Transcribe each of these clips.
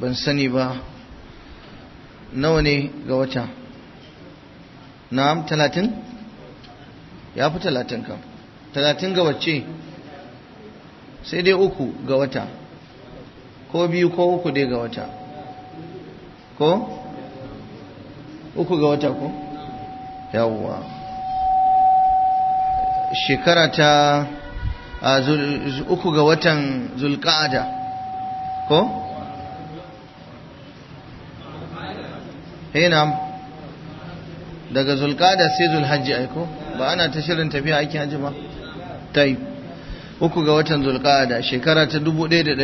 ban sani ba nawa ne ga wata na'am talatin ya fi talatin kam talatin ga wacce sai dai uku ga wata ko biyu ko uku dai ga wata ko uku ga wata ko yawwa shekara ta uku ga watan zulka'ada ko hey na'am daga zulqada sai zulhajji aiko ba ana ta shirin tafiya aiki hajji ba tayi uku ga watan zulqada shekara ta daya da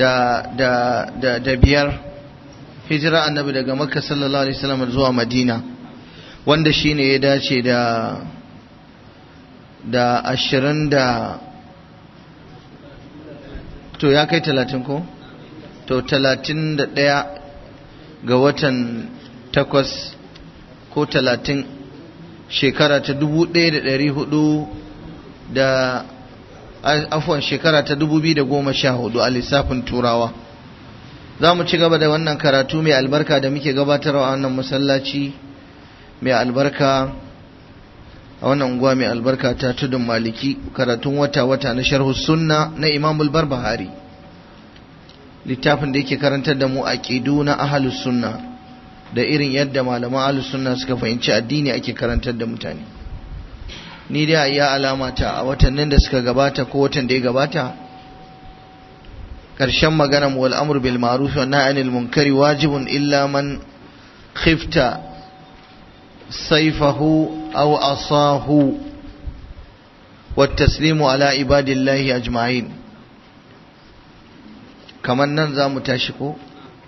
da da da, da biyar hijira annabi daga makka sallallahu alaihi wasallam zuwa madina wanda shine ya dace da da ashirin da to ya kai talatin ko to talatin da ɗaya ga watan takwas ko talatin shekara ta dubu ɗaya da ɗari hudu da afuwan shekara ta dubu biyu da goma sha hudu a lissafin turawa za mu ci gaba da wannan karatu mai albarka da muke gabatarwa a wannan masallaci mai albarka a wannan unguwa mai albarka ta tudun maliki karatun wata-wata na sharhu sunna na imamul barbahari littafin da yake karantar da mu a na ahlus sunna da irin yadda malaman ahlus sunna suka fahimci addini ake karantar da mutane ni dai iya alama ta a watannin da suka gabata ko watan da ya gabata karshen magana wal amru bil ma'ruf wa anil munkari wajibun illa man khifta saifahu aw asahu والتسليم على عباد الله أجمعين kamar nan za mu tashi ko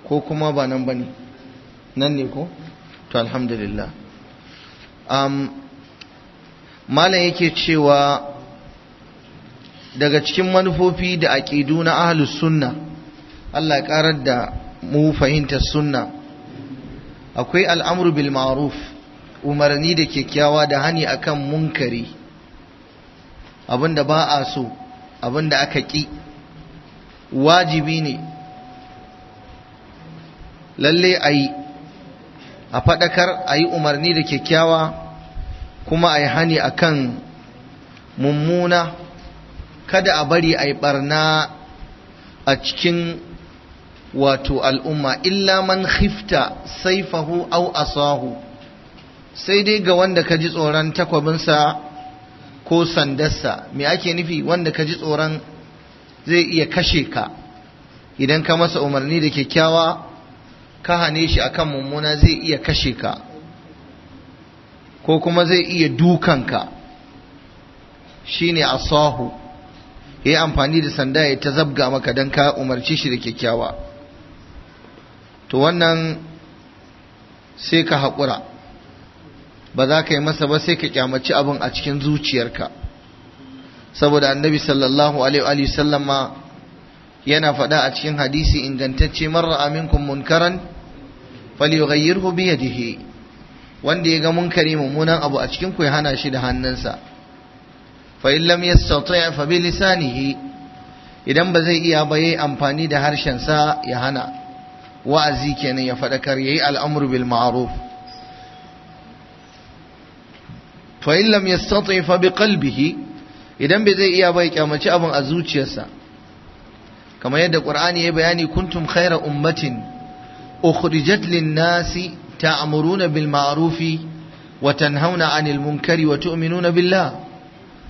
ko kuma ba nan ba nan ne ko to alhamdulillah um, malam yake cewa daga cikin manufofi da aƙidu na ahlus sunna Allah karar da mu fahimtar sunna akwai al'amru bil ma'ruf umarni da kyakkyawa da hani akan munkari abinda ba a so abinda aka ƙi wajibi ne lalle a yi a faɗakar a yi umarni da kyakkyawa kuma a yi hani a kan mummuna kada a bari a yi ɓarna a cikin wato al'umma illa man khifta saifahu au asahu sai dai ga wanda ka ji tsoron takwabinsa ko sandarsa me ake nufi wanda ka ji tsoron zai iya kashe ka idan ka masa umarni da kyakkyawa ka hane shi akan mummuna zai iya kashe ka ko kuma zai iya dukan dukanka shine asahu ya yi amfani da sanda ya ta zabga maka don ka umarci shi da kyakkyawa to wannan sai ka haƙura ba za ka yi masa ba sai ka kyamaci abin a cikin zuciyarka saboda annabi sallallahu alaihi wa sallama yana faɗa a cikin hadisi ingantacce marra aminkum munkaran falyughayyirhu bi yadihi wanda ya ga munkari mummunan abu a cikin ku ya hana shi da hannunsa fa in lam yastati' fa bi lisanihi idan ba zai iya ba yayi amfani da harshen sa ya hana wa'azi kenan ya faɗakar yayi al'amru bil ma'ruf fa in lam yastati' fa bi qalbihi idan bai zai iya bai kyamaci abin a zuciyarsa kamar yadda qur'ani ya bayani kuntum khaira ummatin ukhrijat lin-nasi ta'muruna bil ma'rufi wa tanhauna 'anil munkari wa tu'minuna billah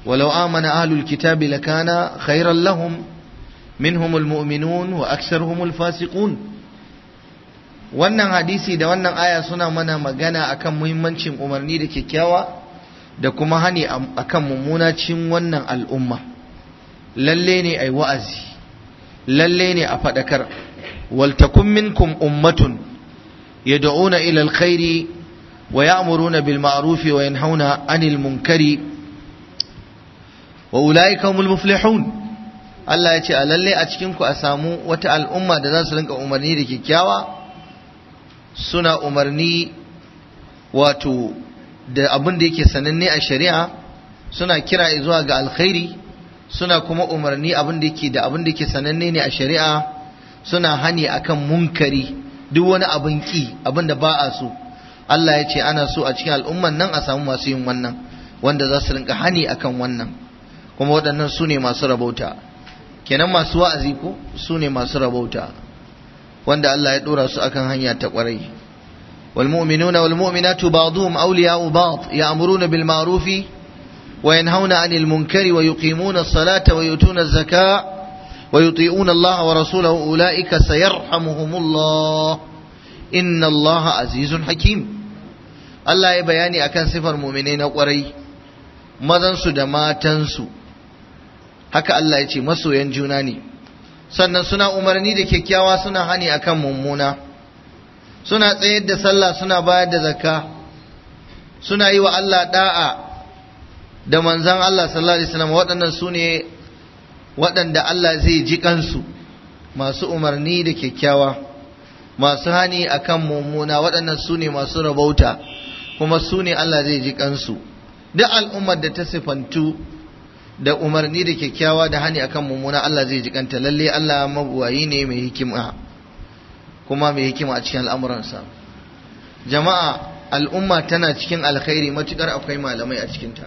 walau amana ahlul kitabi lakana khairan lahum minhumul mu'minun wa aktsaruhumul fasiqun wannan hadisi da wannan aya suna mana magana akan muhimmancin umarni da kyakkyawa da kuma hani akan mummuna cin wannan al'umma lalle ne yi wa'azi lalle ne a faɗakar waltakun minkum ummatun yad'una ila alkhairi wa ya'muruna bil ma'ruf wa yanhauna 'anil munkari wa ulaika muflihun Allah ya ce a lalle a cikin ku a samu wata al'umma da za su rinka umarni da kyakkyawa suna umarni wato da abin da yake sananne a shari'a suna kira zuwa ga alkhairi suna kuma umarni abin da yake da abin da yake sananne ne a shari'a suna hani akan munkari duk wani abin ki abin da ba a so Allah ya ce ana so a cikin al'umman nan a samu masu yin wannan wanda za su rinka hani akan wannan kuma waɗannan su ne masu rabauta kenan masu wa'azi ko su ne masu rabauta wanda Allah ya ɗora su akan hanya ta ƙwarai والمؤمنون والمؤمنات بعضهم أولياء بعض يأمرون بالمعروف وينهون عن المنكر ويقيمون الصلاة ويؤتون الزكاة ويطيعون الله ورسوله أولئك سيرحمهم الله إن الله عزيز حكيم الله يبياني أكن صفر مؤمنين قري مذن سدما تنسو haka Allah ya ce masoyan juna ne sannan suna umarni da kyakkyawa suna hani akan mummuna suna tsayar da sallah suna bayar da zakka suna yi wa Allah da'a da manzan Allah sallallahu alaihi wasallam waɗannan su ne waɗanda Allah zai ji kansu masu umarni da kyakkyawa masu hani akan mummuna waɗannan su ne masu rabauta kuma su ne Allah zai ji kansu duk al'ummar da ta sifantu da umarni da kyakkyawa da hani akan mummuna Allah zai ji kanta lalle Allah mabuwayi ne mai hikima kuma mai hikima a cikin al'amuransa jama'a al'umma tana cikin alkhairi matukar akwai malamai a cikinta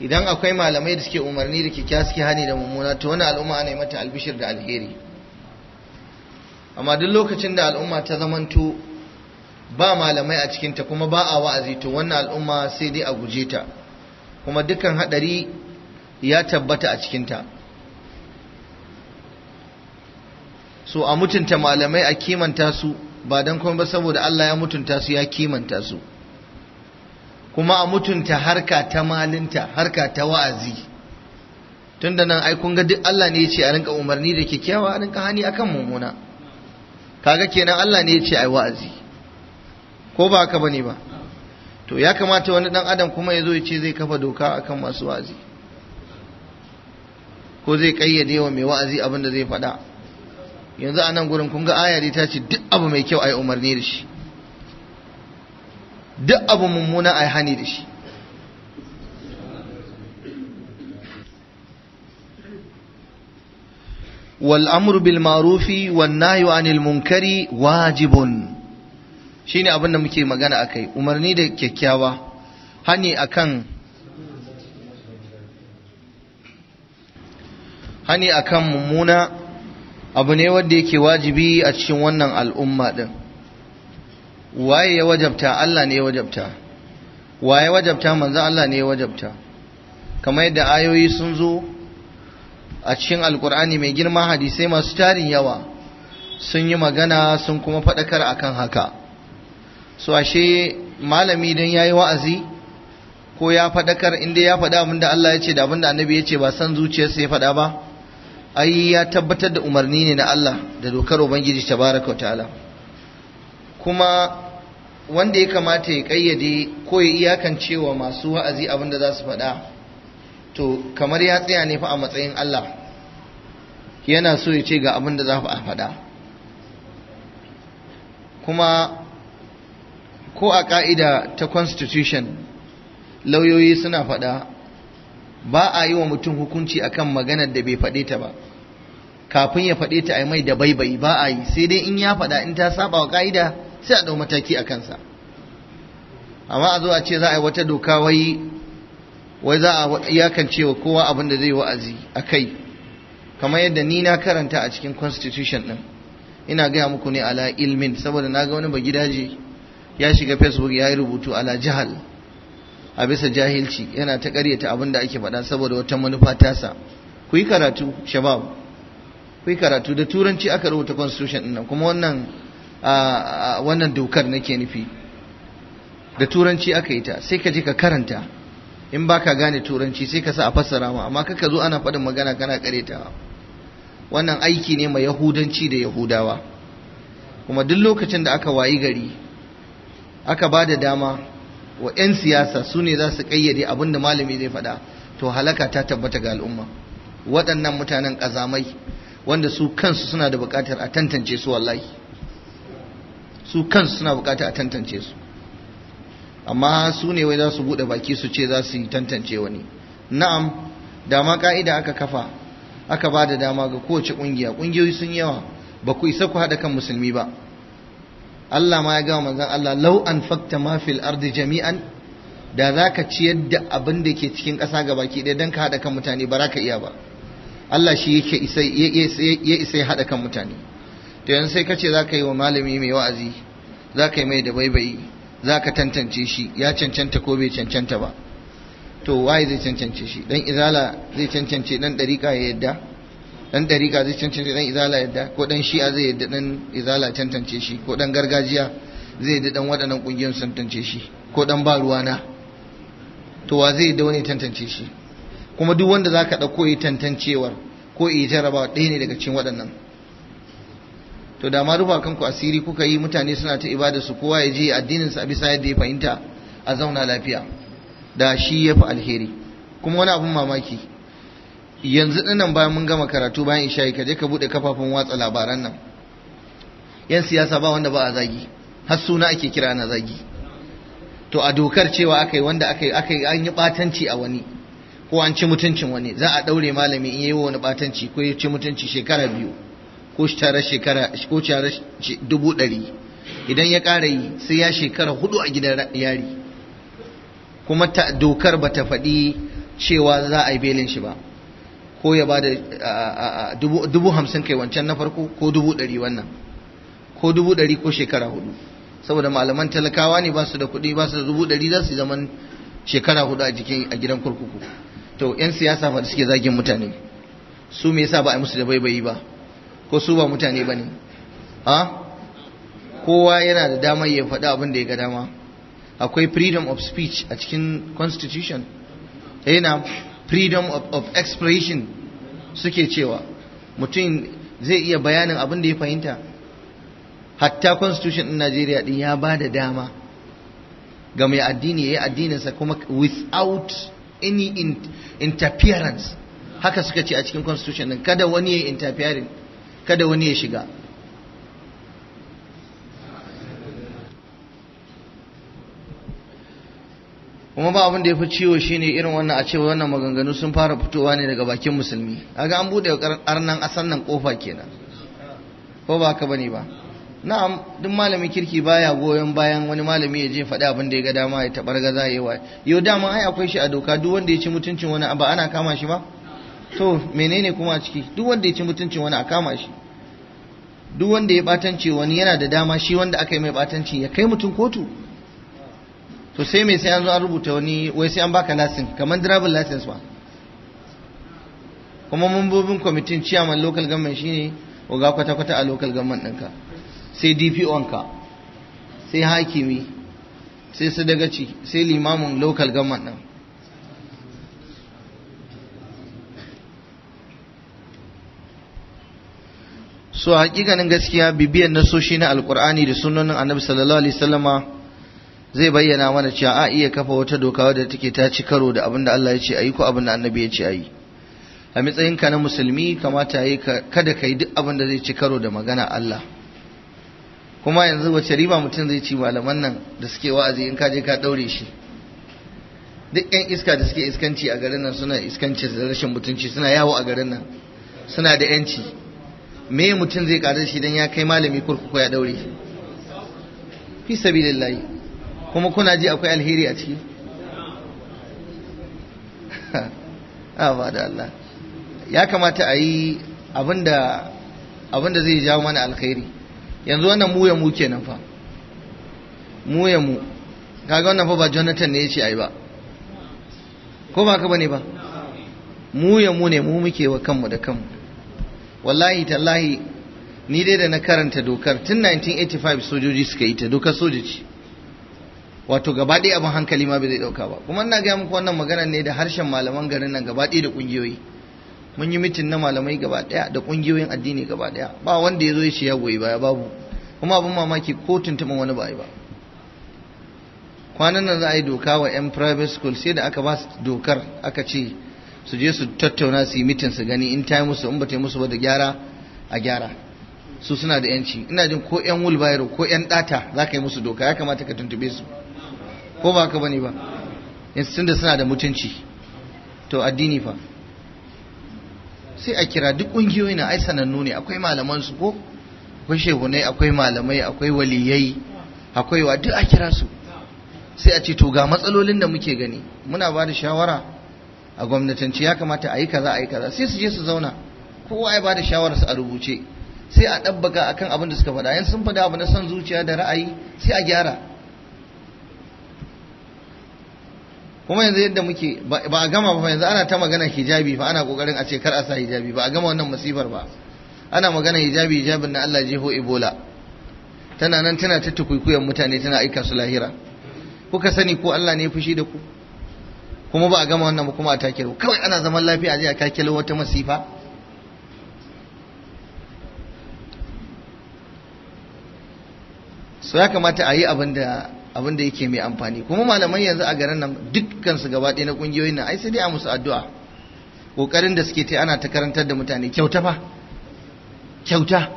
idan akwai malamai da suke umarni da kyakkyawa suke hani da mummuna to wani al'umma ana yi mata albishir da alheri amma duk lokacin da al'umma ta zamantu ba malamai a cikinta kuma ba a wa'azi to wannan al'umma sai dai a guje ta kuma dukkan hadari ya tabbata a cikinta so a mutunta malamai a kimanta su ba don kuma ba saboda Allah ya mutunta su ya kimanta su kuma a mutunta harka ta malinta harka ta wa'azi tunda nan ai kun ga duk Allah ne ya ce a rinka umarni da kyakkyawa a rinka hani akan mummuna kaga kenan Allah ne ya ce ai wa'azi ko ba haka bane ba to ya kamata wani dan adam kuma ya zo ya ce zai kafa doka akan masu wa'azi ko zai kayyade wa mai wa'azi abin da zai faɗa yanzu a nan gurin kun ga aya dai ta ce duk abu mai kyau a yi umarni da shi duk abu mummuna a yi hani da shi والأمر بالمعروف والنهي عن munkari wajibun shine abin da muke magana akai umarni da kyakkyawa hani akan hani akan mummuna abu ne wanda yake wajibi a cikin wannan al'umma din waye ya wajabta Allah ne ya wajabta waye wajabta manzo Allah ne ya wajabta kamar yadda ayoyi sun zo a cikin alkur'ani mai girma hadisai masu tarin yawa sun yi magana sun kuma faɗakar akan haka so ashe malami don ya yi wa'azi ko ya faɗakar inda ya faɗa abin da Allah ya ce da abin da annabi ya ce ba san zuciyarsa ya faɗa ba ai ya tabbatar da umarni ne na Allah da dokar ubangiji tabaraka wa ta'ala kuma wanda ya kamata ya kayyade ko ya iyakan cewa masu wa'azi abin da za su faɗa to kamar ya tsaya ne fa a matsayin Allah yana so ya ce ga abin da za a faɗa kuma ko a ƙa'ida ta constitution lauyoyi suna faɗa ba a yi wa mutum hukunci akan maganar da bai faɗe ta ba kafin ya faɗe ta a mai da baibai ba a yi sai dai in ya faɗa in ta saba wa ka'ida sai a ɗau mataki a kansa amma a zo a ce za a yi wata doka wai za a iyakance wa kowa abin da zai wa'azi a kai kamar yadda ni na karanta a cikin constitution ɗin ina gaya muku ne ala ilmin saboda na ga wani gidaje. ya shiga facebook ya yi rubutu ala jihal a bisa jahilci yana ta karyata abin da ake faɗa saboda wata manufa tasa ku yi karatu shabab ku yi karatu da turanci aka rubuta constitution din nan kuma wannan wannan dokar nake nufi da turanci aka yi ta sai ka je ka karanta in ba ka gane turanci sai ka sa a fassara ma amma kaka zo ana faɗin magana kana karyata wannan aiki ne mai yahudanci da yahudawa kuma duk lokacin da aka wayi gari aka ba da dama wa 'yan siyasa su ne za su ƙayyade abin da malami zai faɗa to halaka ta tabbata ga al'umma waɗannan mutanen ƙazamai wanda su kansu suna da buƙatar a tantance su wallahi su kansu suna buƙatar a tantance su amma su ne wai za su buɗe baki su ce za su yi tantance wani na'am dama ka'ida aka kafa aka ba da dama ga kowace ƙungiya ƙungiyoyi sun yawa ba ku isa ku haɗa kan musulmi ba Allah ma ya gama manzan Allah lau'an fakta ma fil ardi jami'an da za ka ci da abin da ke cikin ƙasa ga baki ɗaya don ka haɗa kan mutane ba ka iya ba Allah shi yake ya isa ya kan mutane to yanzu sai ka ce za ka yi wa malami mai wa'azi za ka yi mai da baibayi ka tantance shi ya cancanta ko bai cancanta ba to waye zai cancance shi dan izala zai cancance dan dariƙa ya yadda dan dariƙa zai cancanci dan izala yadda ko dan shi'a zai yadda dan izala tantance shi ko dan gargajiya zai yadda dan waɗannan ƙungiyar tantance shi ko dan ba ruwana to wa zai yadda wani tantance shi kuma duk wanda zaka ɗauko yi tantancewar ko yi jarabawa ɗaya ne daga cikin waɗannan to da ma rufa kanku asiri kuka yi mutane suna ta ibada su kowa ya je addinin sa bisa yadda ya fahimta a zauna lafiya da shi ya fi alheri kuma wani abun mamaki yanzu dinnan bayan mun gama karatu bayan isha'i ka je ka bude kafafun watsa labaran nan yan siyasa ba wanda ba a zagi har suna ake kira na zagi to a dokar cewa akai wanda akai akai an yi batanci a wani ko an ci mutuncin wani za a daure malami in yayi wani batanci ko ya ci mutunci shekara biyu ko tare shekara ko tare dubu ɗari idan ya ƙara yi sai ya shekara hudu a gidan yari kuma dokar ba ta faɗi cewa za a yi belin shi ba ko ya ba da dubu hamsin kai wancan na farko ko dubu ɗari wannan ko dubu ɗari ko shekara hudu saboda malaman talakawa ne ba su da kuɗi ba su da dubu ɗari za su zaman shekara hudu a jikin a gidan kurkuku to 'yan siyasa fa suke zagin mutane su me yasa ba a musu da baibayi ba ko su ba mutane ba ne a kowa yana da damar ya faɗi abin da ya ga dama akwai freedom of speech a cikin constitution eh, freedom of, of expression suke cewa mutum zai iya bayanin abin da ya fahimta hatta constitution din Najeriya din ya ba da dama ga mai addini ya yi addininsa kuma without any interference haka suka ce a cikin constitution din kada wani ya interfering kada wani ya shiga kuma ba abin da ya fi ciwo shine irin wannan a ce wannan maganganu sun fara fitowa ne daga bakin musulmi ga an bude arnan asan nan kofa kenan ko ba haka bane ba na'am duk malamin kirki baya goyon bayan wani malami ya je faɗi abin da ya ga dama ya tabar ga ya wa yau dama ai akwai shi a doka duk wanda ya ci mutuncin wani ba ana kama shi ba to menene kuma a ciki duk wanda ya ci mutuncin wani a kama shi duk wanda ya batance wani yana da dama shi wanda aka yi mai batanci ya kai mutum kotu to sai mai sai an zo an rubuta wani wai sai an baka lasin kamar driver license ba kuma mambobin kwamitin chairman local government shine oga kwata-kwata a local government ɗinka sai dpo ka sai hakimi sai ci sai limamin local government ɗin so hakikanin gaskiya bibiyan nasoshi na alkur'ani da sunanin annabi sallallahu alaihi wasallama zai bayyana mana cewa a iya kafa wata doka wadda take ta ci karo da abin da Allah ya ce ayi ko abin da annabi ya ce ayi a matsayin ka na musulmi kamata yi kada ka yi duk abin da zai ci karo da magana Allah kuma yanzu wace riba mutum zai ci malaman nan da suke wa'azi in ka je ka daure shi duk yan iska da suke iskanci a garin nan suna iskanci da rashin mutunci suna yawo a garin nan suna da yanci me mutum zai kada shi dan ya kai malami kurkuku ya daure fi sabilillahi kuma kuna ji akwai alheri a ciki ba ah, da Allah ya kamata a yi abinda zai jawo mana alkhairi yanzu wannan mu ya mu kenan fa Muya mu kaga wannan fa ba Jonathan ne ya ce ayi ba ko ba ka bane ba Muya mu ne mu muke wa kanmu da kanmu wallahi tallahi ni dai da na karanta dokar tun 1985 sojoji suka yi ta dokar sojoji wato gaba abin hankali ma bai zai ɗauka ba kuma ina gaya muku wannan magana ne da harshen malaman garin nan gaba ɗaya da ƙungiyoyi mun yi mitin na malamai gaba ɗaya da ƙungiyoyin addini gaba ɗaya ba wanda ya zo ya ce ya goyi baya babu kuma abin mamaki ko tuntuɓin wani ba yi ba kwanan nan za a yi doka wa 'yan private school sai da aka ba su dokar aka ce su je su tattauna su yi mitin su gani in ta yi musu in ba ta yi musu ba da gyara a gyara su suna da yanci ina jin ko 'yan wulbayar ko 'yan ɗata za ka yi musu doka ya kamata ka tuntuɓe su ko ba ka bane ba yanzu da suna da mutunci to addini fa sai a kira duk ƙungiyoyi na ai sanannu ne akwai malaman su ko akwai shehunai akwai malamai akwai waliyai akwai wa duk a kira su sai a ce to ga matsalolin da muke gani muna ba da shawara a gwamnatanci ya kamata a yi kaza a yi kaza sai su je su zauna kowa ya ba da shawara su a rubuce sai a ɗabbaka akan abin da suka faɗa yan sun faɗa abu na son zuciya da ra'ayi sai a gyara kuma yanzu yadda muke ba a gama ba yanzu ana ta magana hijabi fa ana kokarin a ce kar a sa hijabi ba a gama wannan masifar ba ana magana hijabi hijabin na Allah jeho Ebola tana nan tana ta tukuikuyan mutane tana aika su lahira kuka sani ko Allah ne fushi da ku kuma ba a gama wannan ba kuma a take kawai ana zaman lafiya a je a wata masifa so ya kamata a yi abin da abin da yake mai amfani kuma malamai yanzu a garin nan dukkan su gaba ɗaya na kungiyoyin nan ai sai dai a musu addu'a kokarin da suke ta ana ta karantar da mutane kyauta fa kyauta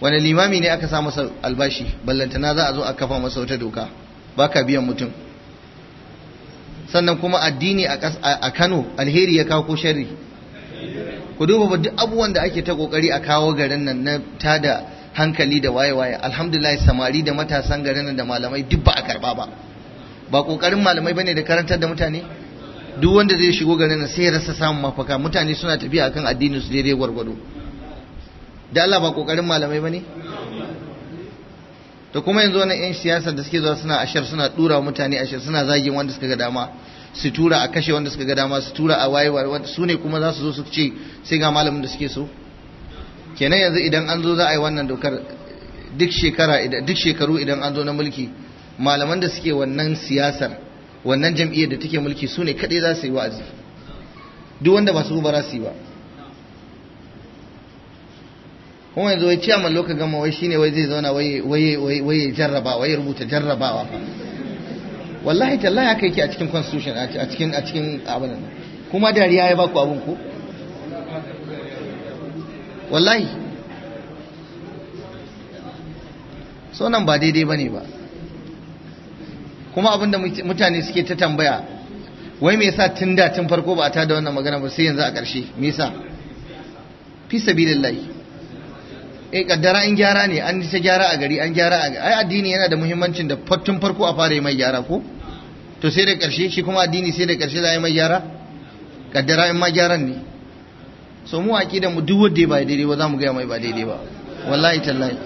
wani limami ne aka sa masa albashi ballantana za a zo a kafa masa wata doka baka biyan mutum sannan kuma addini a Kano alheri ya kawo ko sharri ku duba duk abubuwan da ake ta kokari a kawo garin nan na tada hankali da waye-waye alhamdulillah samari da matasan garin da malamai duk ba a karba ba ba kokarin malamai bane da karantar da mutane duk wanda zai shigo garin sai ya rasa samun mafaka mutane suna tafiya akan addinin su daidai gwargwado da Allah ba kokarin malamai bane to kuma yanzu wannan yan siyasa da suke zuwa suna ashar suna dura mutane ashar suna zagin wanda suka ga dama su tura a kashe wanda suka ga dama su tura a wayewa su ne kuma za su zo su ce sai ga malamin da suke so kenan yanzu idan an zo za a yi wannan dokar duk shekara duk shekaru idan an zo na mulki malaman da suke wannan siyasar wannan jam'iyyar da take mulki su ne kadai za su yi wa'azi duk wanda ba su ba za su yi ba kuma yanzu wai ciyaman lokacin gama wai shine wai zai zauna wai ya jarraba wai ya rubuta jarrabawa wallahi tallahi haka yake a cikin constitution a cikin a cikin abin kuma dariya ya baku abin ku wallahi so nan ba daidai bane ba kuma abinda mutane suke ta tambaya wai me yasa tun da tun farko ba a tada wannan magana ba sai yanzu a ƙarshe me yasa fi sabilillahi eh kaddara an gyara ne an ta gyara a gari an gyara a ai addini yana da muhimmancin da tun farko a fara yi mai gyara ko to sai da ƙarshe shi kuma addini sai da ƙarshe za a yi mai gyara kaddara in ma gyaran ne so mu aqida mu duk wanda ba daidai ba za mu gaya mai ba daidai ba wallahi tallahi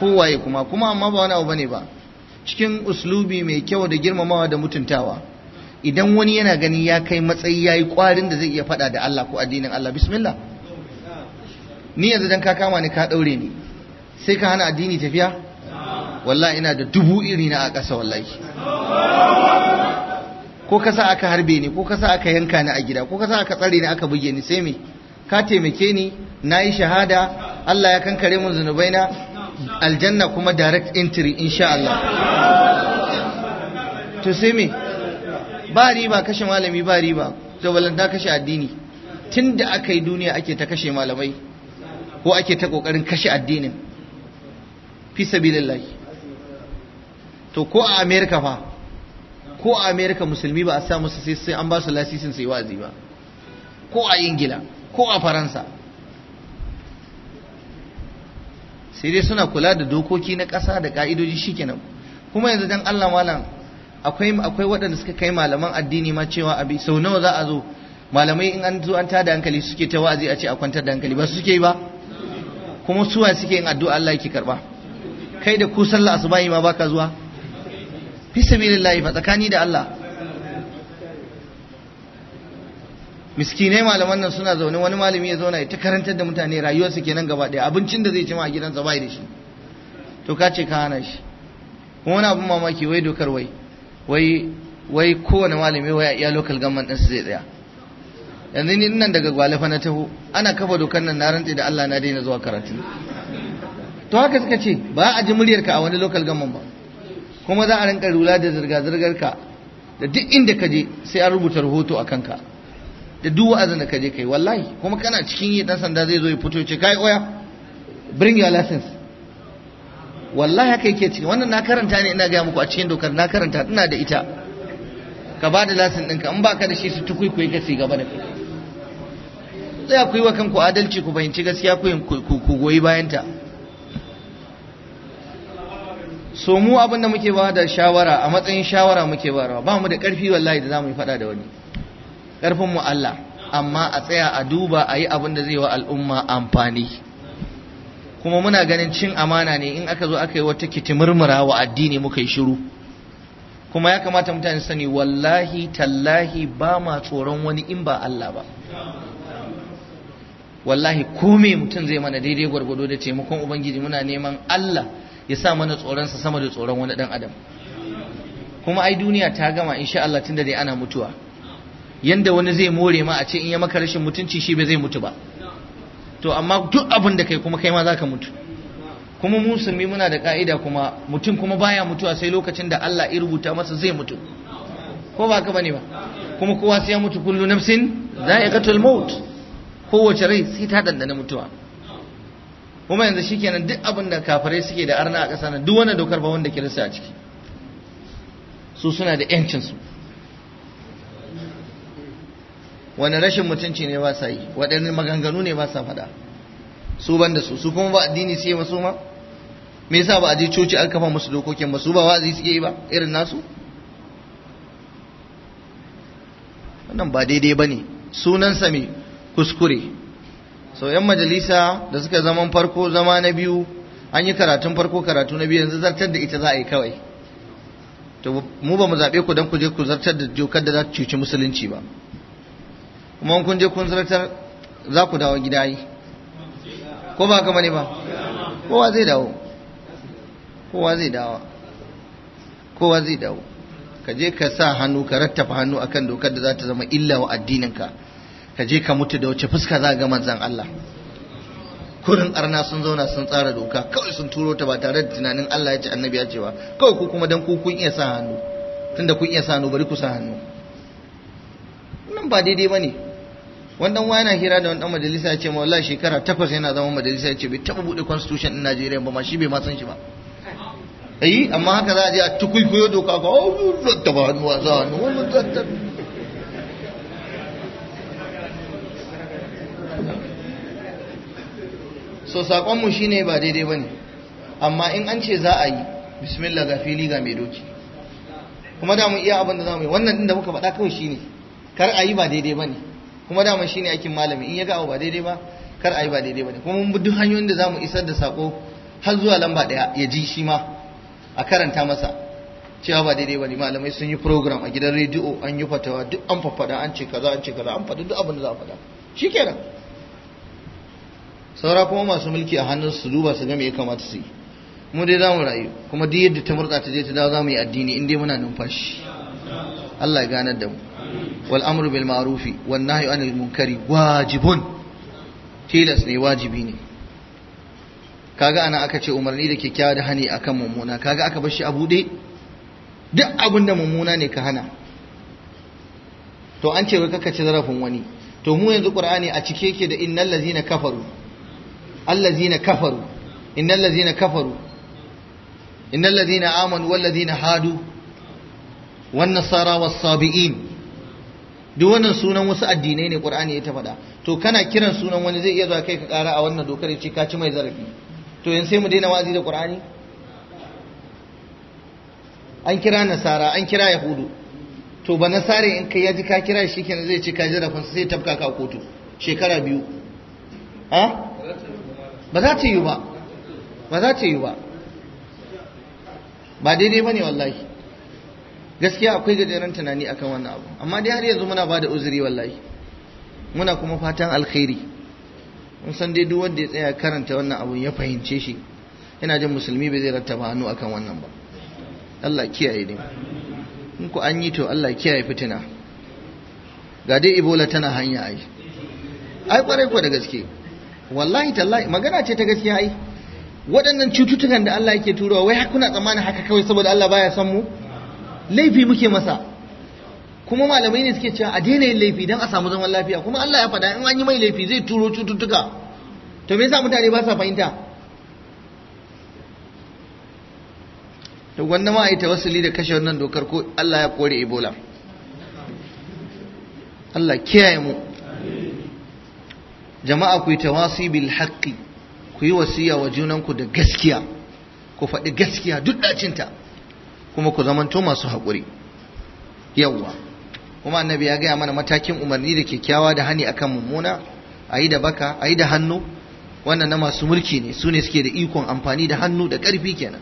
kowaye kuma kuma amma ba wani abu bane ba cikin uslubi mai kyau da girmamawa da mutuntawa idan wani yana gani ya kai matsayi yayi kwarin da zai iya fada da Allah ko addinin Allah bismillah ni yanzu dan ka kama ni ka daure ni sai ka hana addini tafiya wallahi ina da dubu iri na a ƙasa wallahi ko kasa aka harbe ni ko kasa aka yanka ni a gida ko kasa aka tsare ni aka buge ni sai me ka taimake ni na yi shahada Allah ya kankare mun zunubaina aljanna kuma direct entry insha Allah to sai me ba riba kashe malami ba riba to balanta kashe addini tunda aka yi duniya ake ta kashe malamai ko ake ta kokarin kashe addinin fi sabilillah to ko a America fa ko a America musulmi ba a sa musu sai an ba su lasisin sai wa'azi ba ko a Ingila ko a faransa sai dai suna kula da dokoki na ƙasa da ƙa'idoji shikenan kuma yanzu dan Allah malam akwai akwai waɗanda suka kai malaman addini ma cewa abi sau nawa za a zo malamai in an zo an tada hankali suke ta wa'azi a ce a kwantar da hankali ba suke yi ba kuma suwa suke yin addu'a Allah yake karba kai da ku sallah asubahi ma baka zuwa fi sabilillahi fa tsakani da Allah miskinai malaman nan suna zaune wani malami ya zauna ya ta karantar da mutane rayuwarsa kenan gaba ɗaya abincin da zai ci ma a gidansa bai da shi to ka ce ka hana shi kuma wani abin mamaki wai dokar wai wai wai kowane malami wai a iya local government ɗinsa zai tsaya yanzu ni nan daga gwalafa na taho ana kafa dokar nan na rantse da Allah na daina zuwa karatu to haka suka ce ba a ji muryarka a wani local government ba kuma za a rinka rula da zirga-zirgarka da duk inda ka je sai an rubuta rahoto a kanka da duk wa'azin da ka je kai wallahi kuma kana cikin yi dan sanda zai zo ya fito ce kai oya bring your license wallahi haka yake cikin wannan na karanta ne ina gaya muku a cikin dokar na karanta ina da ita ka ba da lasin ɗinka in ba ka da shi su tukuikuyi ka si gaba da kai tsaya ku yi wa kanku adalci ku fahimci gaskiya ku goyi bayanta so mu abin da muke ba da shawara a matsayin shawara muke ba ba mu da ƙarfi wallahi da za mu yi faɗa da wani ƙarfin mu Allah amma a tsaya a duba a yi abin da zai wa al'umma amfani kuma muna ganin cin amana ne in aka zo aka yi wata murmura wa addini muka yi shiru kuma ya kamata mutane sani wallahi tallahi ba ma tsoron wani in ba Allah ba wallahi kome mutum zai mana daidai gwargwado da taimakon ubangiji muna neman Allah ya sa mana tsoronsa sama da tsoron wani dan adam kuma ai duniya ta gama insha Allah tunda dai ana mutuwa yanda wani zai more ma a ce in ya maka rashin mutunci shi ba zai mutu ba to amma duk abin da kai kuma kai ma zaka mutu kuma musulmi muna da ka'ida kuma mutum kuma baya mutuwa sai lokacin da Allah ya rubuta masa zai mutu ko ba ka bane ba kuma kowa sai ya mutu kullu nafsin za'iqatul maut kowace rai sai ta dandana mutuwa kuma yanzu shikenan duk abin da kafirai suke da arna a ƙasa duk wani dokar ba wanda kirista a ciki su suna da yancin su wani rashin mutunci ne ba sa yi waɗannan maganganu ne ba sa faɗa su ban da su su kuma ba addini su yi ba su ma me yasa ba a je coci an kafa musu dokokin ba su ba wa'azi suke yi ba irin nasu wannan ba daidai ba ne sa me kuskure so yan majalisa da suka zaman farko zama na biyu an yi karatun farko karatu na biyu yanzu zartar da ita za a yi kawai to mu ba mu zaɓe ku don ku je ku zartar da jokar da za ta cuci musulunci ba kuma kun je kun zartar za ku dawo gida yi ko ba kama ne ba kowa zai dawo kowa zai dawo kowa zai dawo ka je ka sa hannu ka rattafa hannu akan dokar da za ta zama illa wa addininka ka je ka mutu da wace fuska za ga manzan Allah kurin arna sun zauna sun tsara doka kawai sun turo ta ba tare da tunanin Allah ya ce annabi ya ba. kawai ku kuma dan ku kun iya sa hannu tunda kun iya sa hannu bari ku sa hannu nan ba daidai bane wannan wa yana hira da wani dan majalisa ya ce ma wallahi shekara takwas yana zama majalisa ya ce bai taba bude constitution din Najeriya ba ma shi bai ma san shi ba eh amma haka za a je a tukuikuyo doka ko oh ta ba hannu za hannu wannan tattar so sakonmu shine ba daidai bane amma in an ce za a yi bismillah ga fili ga mai doki kuma da mu iya abin da za mu yi wannan din da muka faɗa kawai shine kar a yi ba daidai bane kuma dama shine aikin malami in ya ga abu ba daidai ba kar a yi ba daidai ba ne kuma mun duk hanyoyin da zamu isar da sako har zuwa lamba daya ya ji shi ma a karanta masa cewa ba daidai ba ne malamai sun yi program a gidan rediyo an yi fatawa duk an fafada an ce kaza an ce kaza an faɗi duk abin da za a shi shikenan saura kuma masu mulki a hannun su duba su ga me ya kamata su yi mu dai za mu rayu kuma duk yadda ta murɗa ta je ta dawo za mu yi addini in dai muna numfashi Allah ya ganar da mu wal amru bil ma'rufi wan nahyu anil munkari wajibun tilas ne wajibi ne kaga ana aka ce umarni da kyakkyawa da hani akan mummuna kaga aka bar shi a bude duk abin da mummuna ne ka hana to an ce wai kaka ci zarafin wani to mu yanzu qur'ani a cike yake da innal ladzina kafaru allazina kafaru innal ladzina kafaru innal ladzina amanu wal ladzina hadu wan nasara was sabi'in duk wannan sunan wasu addinai ne qur'ani ya ta faɗa to kana kiran sunan wani zai iya zuwa kai ka ƙara a wannan dokar ce ka ci mai zarafi to yanzu sai mu daina wa'azi da qur'ani an kira nasara an kira yahudu to ba nasare in kai ya ji ka kira shi kenan zai ce ka ji rafin sai tabka ka kotu shekara biyu ha ba za ta yi ba ba za ta yi ba ba daidai bane ne wallahi gaskiya akwai gajeren tunani akan wannan abu amma dai har yanzu muna bada uzuri wallahi muna kuma fatan alkhairi mun san dai duk wanda ya tsaya karanta wannan abun ya fahimce shi ina jin musulmi bai zai rattaba hannu akan wannan ba Allah kiyaye ne in ku an yi to Allah kiyaye fitina ga dai ibola tana hanya ai ai kwarai ko da gaske wallahi tallahi magana ce ta gaskiya ai waɗannan cututtukan da Allah yake turowa wai kuna tsammanin haka kawai saboda Allah baya son mu laifi muke masa kuma malamai ne suke cewa a daina yin laifi don a samu zaman lafiya kuma Allah ya faɗa in an yi mai laifi zai turo cututtuka to me yasa mutane ba sa fahimta to wanda ma a yi tawassuli da kashe wannan dokar ko Allah ya kore Ebola Allah kiyaye mu jama'a ku yi tawasi bil haqqi ku yi wasiya wa junanku da gaskiya ku faɗi gaskiya duk ɗacinta kuma ku zamanto masu haƙuri yawwa kuma annabi ya gaya mana matakin umarni da kyakkyawa da hani akan mummuna a yi da baka a yi da hannu wannan na masu mulki ne su ne suke da ikon amfani da hannu da ƙarfi kenan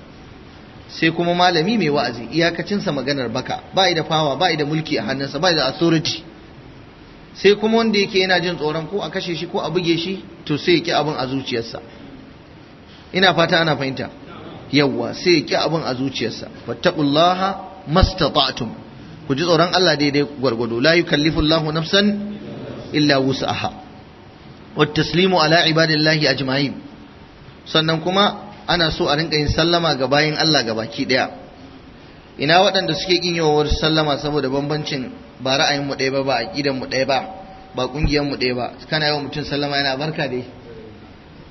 sai kuma malami mai wa'azi iyakacinsa maganar baka ba da fawa ba da mulki a hannunsa ba da authority sai kuma wanda yake yana jin tsoron ko a kashe shi ko a buge shi to sai ya ki abin a zuciyarsa ina fata ana fahimta yawwa sai ya ki abin a zuciyarsa fattaqullaha mastata'tum ku ji tsoron Allah daidai gwargwado la yukallifu Allahu nafsan illa wus'aha wat taslimu ala ibadillahi ajma'in sannan kuma ana so a rinka yin sallama ga bayin Allah ga baki daya ina waɗanda suke kin yawar sallama saboda bambancin ba ra'ayin mu ɗaya ba ba aqidan mu ɗaya ba ba kungiyan mu ɗaya ba kana yawan mutum sallama yana barka dai